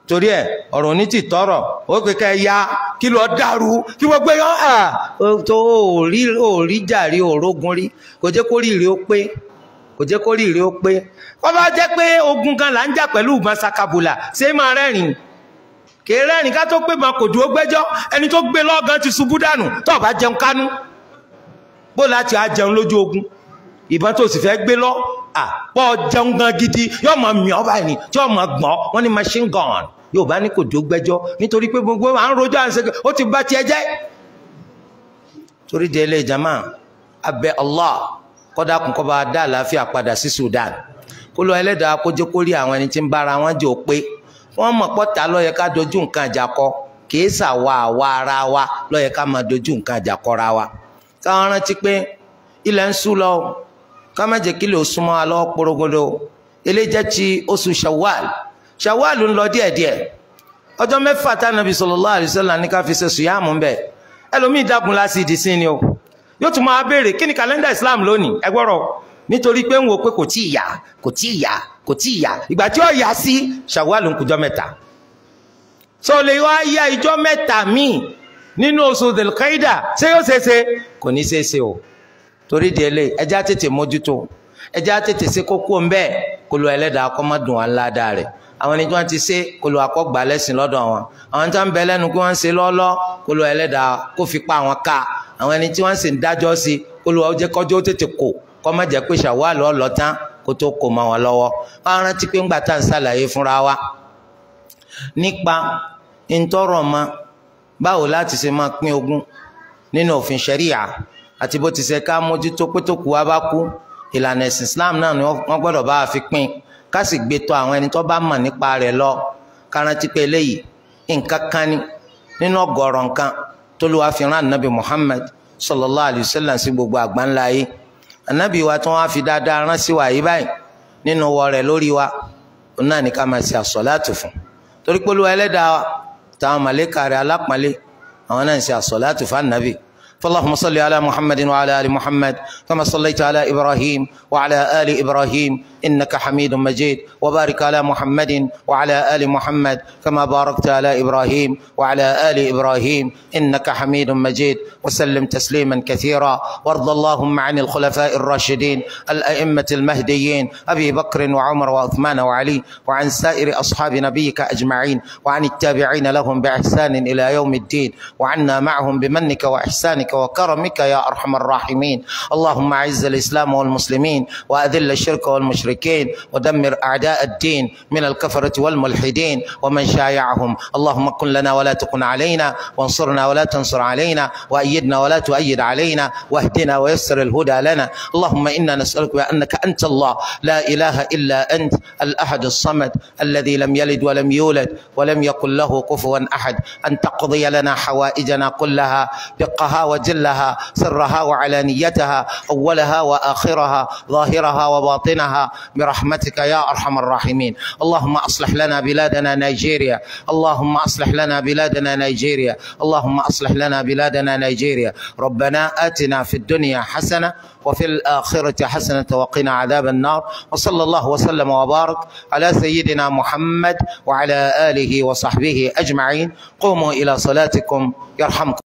torí ẹ ọ̀rọ̀ ní ti tọrọ ó pé ká ẹ ya kí lọ dàrú kí wọ́n gbé yọ ọ́ tó ò rí jàrí òrógun rí kò jẹ́ kó rí rí ó pé kò jẹ́ kó ríire ó pé wọ́n bá jẹ́ pé ogun gan là ń jà pẹ̀lú ìbọn sakabula ṣé máa rẹ́rìn kèé rẹ́rìn ká tó pé máa kò dúró gbẹ́jọ́ ẹni tó gbé lọ́gán ti ṣubú dànù tó bá jẹun kánú bó láti á jẹun lójú ogun ìbọn tó sì fẹ́ gbé lọ àpọ̀ jẹun gan gidi yóò máa mìọ́ báyìí ni yóò máa gbọ́n wọ́n ní machine gun yóò bá ní kò dúró gbẹ́jọ́ nítorí pé gbogbo à ń rojọ́ à ń ṣe ó ti bá tiẹ̀ jẹ́ torí jẹ́ ilé ìjàmá abẹ́ Allah kọ́dà kún kọ́ bá dá àlàáfíà padà sí Sudan kó lọ ẹlẹ́dàá kó jẹ́ kó rí àwọn ẹni tí ń bára wọn jẹ́ òpé wọ́n mọ̀ pọ́tà lọ́yẹ ká dojú nǹkan àjà kọ kìí ṣàwa àwa ara wa lọ́yẹ ká máa dojú nǹkan àjà kọra wa káwọn rántí pé ilẹ̀ ń sú lọ ká má jẹ́ kí lè súnmọ́ alọ́ porogodo eléjẹ́ ti oṣù Shawwal Shawwal ń lọ díẹ̀díẹ̀ ọjọ́ mẹ́fà tánàbí sallallahu alaihi ní ká fi ṣe sùyàmù ń bẹ̀ ẹlòmíì dágun yóò tún máa béèrè kí ni kàlẹ́ndà islam lónìí ẹgbọ́rọ̀ nítorí pé ń wo pé kò tí ì yá kò tí ì yá kò tí ì yá ìgbà tí ó yá sí ṣàwálù ń kújọ́ mẹ́ta tó lè wá yá ìjọ́ mẹ́ta míì nínú oṣù delkaida ṣé yóò ṣe é ṣe kò ní ṣe é ṣe o torí di eléyìí ẹjẹ́ á tètè mójútó ẹjẹ́ á tètè ṣe kókó ń bẹ́ẹ̀ kó lo ẹlẹ́dàá kọ́ má dùn wá ńlá dáa àwọn ẹni tí ti ṣe kó lo àkọ́gbà lẹ́sìn lọ́dọ̀ wọn àwọn tí ń bẹ lẹ́nu kí wọ́n ń ṣe lọ́ọ́lọ́ kó lo ẹlẹ́dàá kó fi pa àwọn ká àwọn ẹni tí wọ́n sì ń dájọ́ sí Olúwa ó jẹ́ kọjọ́ ó tètè kò kọ́ má jẹ́ pé Ṣawwal lọ tán kó tó kò mọ́ wọn lọ́wọ́ wọ́n rántí pé ńgbà tá à ń ṣàlàyé fúnra wa nípa ntọ́rọ̀ ma báwo láti ṣe máa pín ogún nínú òfin ṣẹ́ríà àti bó ti ṣe ká mójútó pé tó bá kú ìlànà ẹ̀sìn Islam náà ni wọ́n gbọ́dọ̀ bá a fi pín ká sì gbé tọ̀ àwọn ẹni tó bá mọ̀ nípa rẹ̀ lọ ká rántí pé eléyìí nǹkan kan ni nínú ọ̀gọ̀rọ̀ nǹkan tolúwa fi rán anabi muhammad sallallahu alayhi wa sallam sí gbogbo àgbáńlá yìí anabi wa tí wọn fi dáadáa rán sí wa yìí báyìí nínú wọ rẹ lórí wa òun náà ní ká máa ṣe àsọláàtù fún torí pé olúwa ẹlẹ́dàá táwọn màlẹ́kà rẹ alápọ̀nlé àwọn náà ń ṣe àsọláàtù fún anabi. فاللهم صل على محمد وعلى ال محمد كما صليت على ابراهيم وعلى ال ابراهيم انك حميد مجيد وبارك على محمد وعلى ال محمد كما باركت على ابراهيم وعلى ال ابراهيم انك حميد مجيد وسلم تسليما كثيرا وارض اللهم عن الخلفاء الراشدين الائمه المهديين ابي بكر وعمر وعثمان وعلي وعن سائر اصحاب نبيك اجمعين وعن التابعين لهم باحسان الى يوم الدين وعنا معهم بمنك واحسانك جودك وكرمك يا أرحم الراحمين اللهم أعز الإسلام والمسلمين وأذل الشرك والمشركين ودمر أعداء الدين من الكفرة والملحدين ومن شايعهم اللهم كن لنا ولا تكن علينا وانصرنا ولا تنصر علينا وأيدنا ولا تؤيد علينا واهدنا ويسر الهدى لنا اللهم إنا نسألك بأنك أنت الله لا إله إلا أنت الأحد الصمد الذي لم يلد ولم يولد ولم يكن له كفوا أحد أن تقضي لنا حوائجنا كلها بقهاوة وجلها سرها وعلانيتها أولها وآخرها ظاهرها وباطنها برحمتك يا أرحم الراحمين اللهم أصلح لنا بلادنا نيجيريا اللهم أصلح لنا بلادنا نيجيريا اللهم أصلح لنا بلادنا نيجيريا ربنا آتنا في الدنيا حسنة وفي الآخرة حسنة وقنا عذاب النار وصلى الله وسلم وبارك على سيدنا محمد وعلى آله وصحبه أجمعين قوموا إلى صلاتكم يرحمكم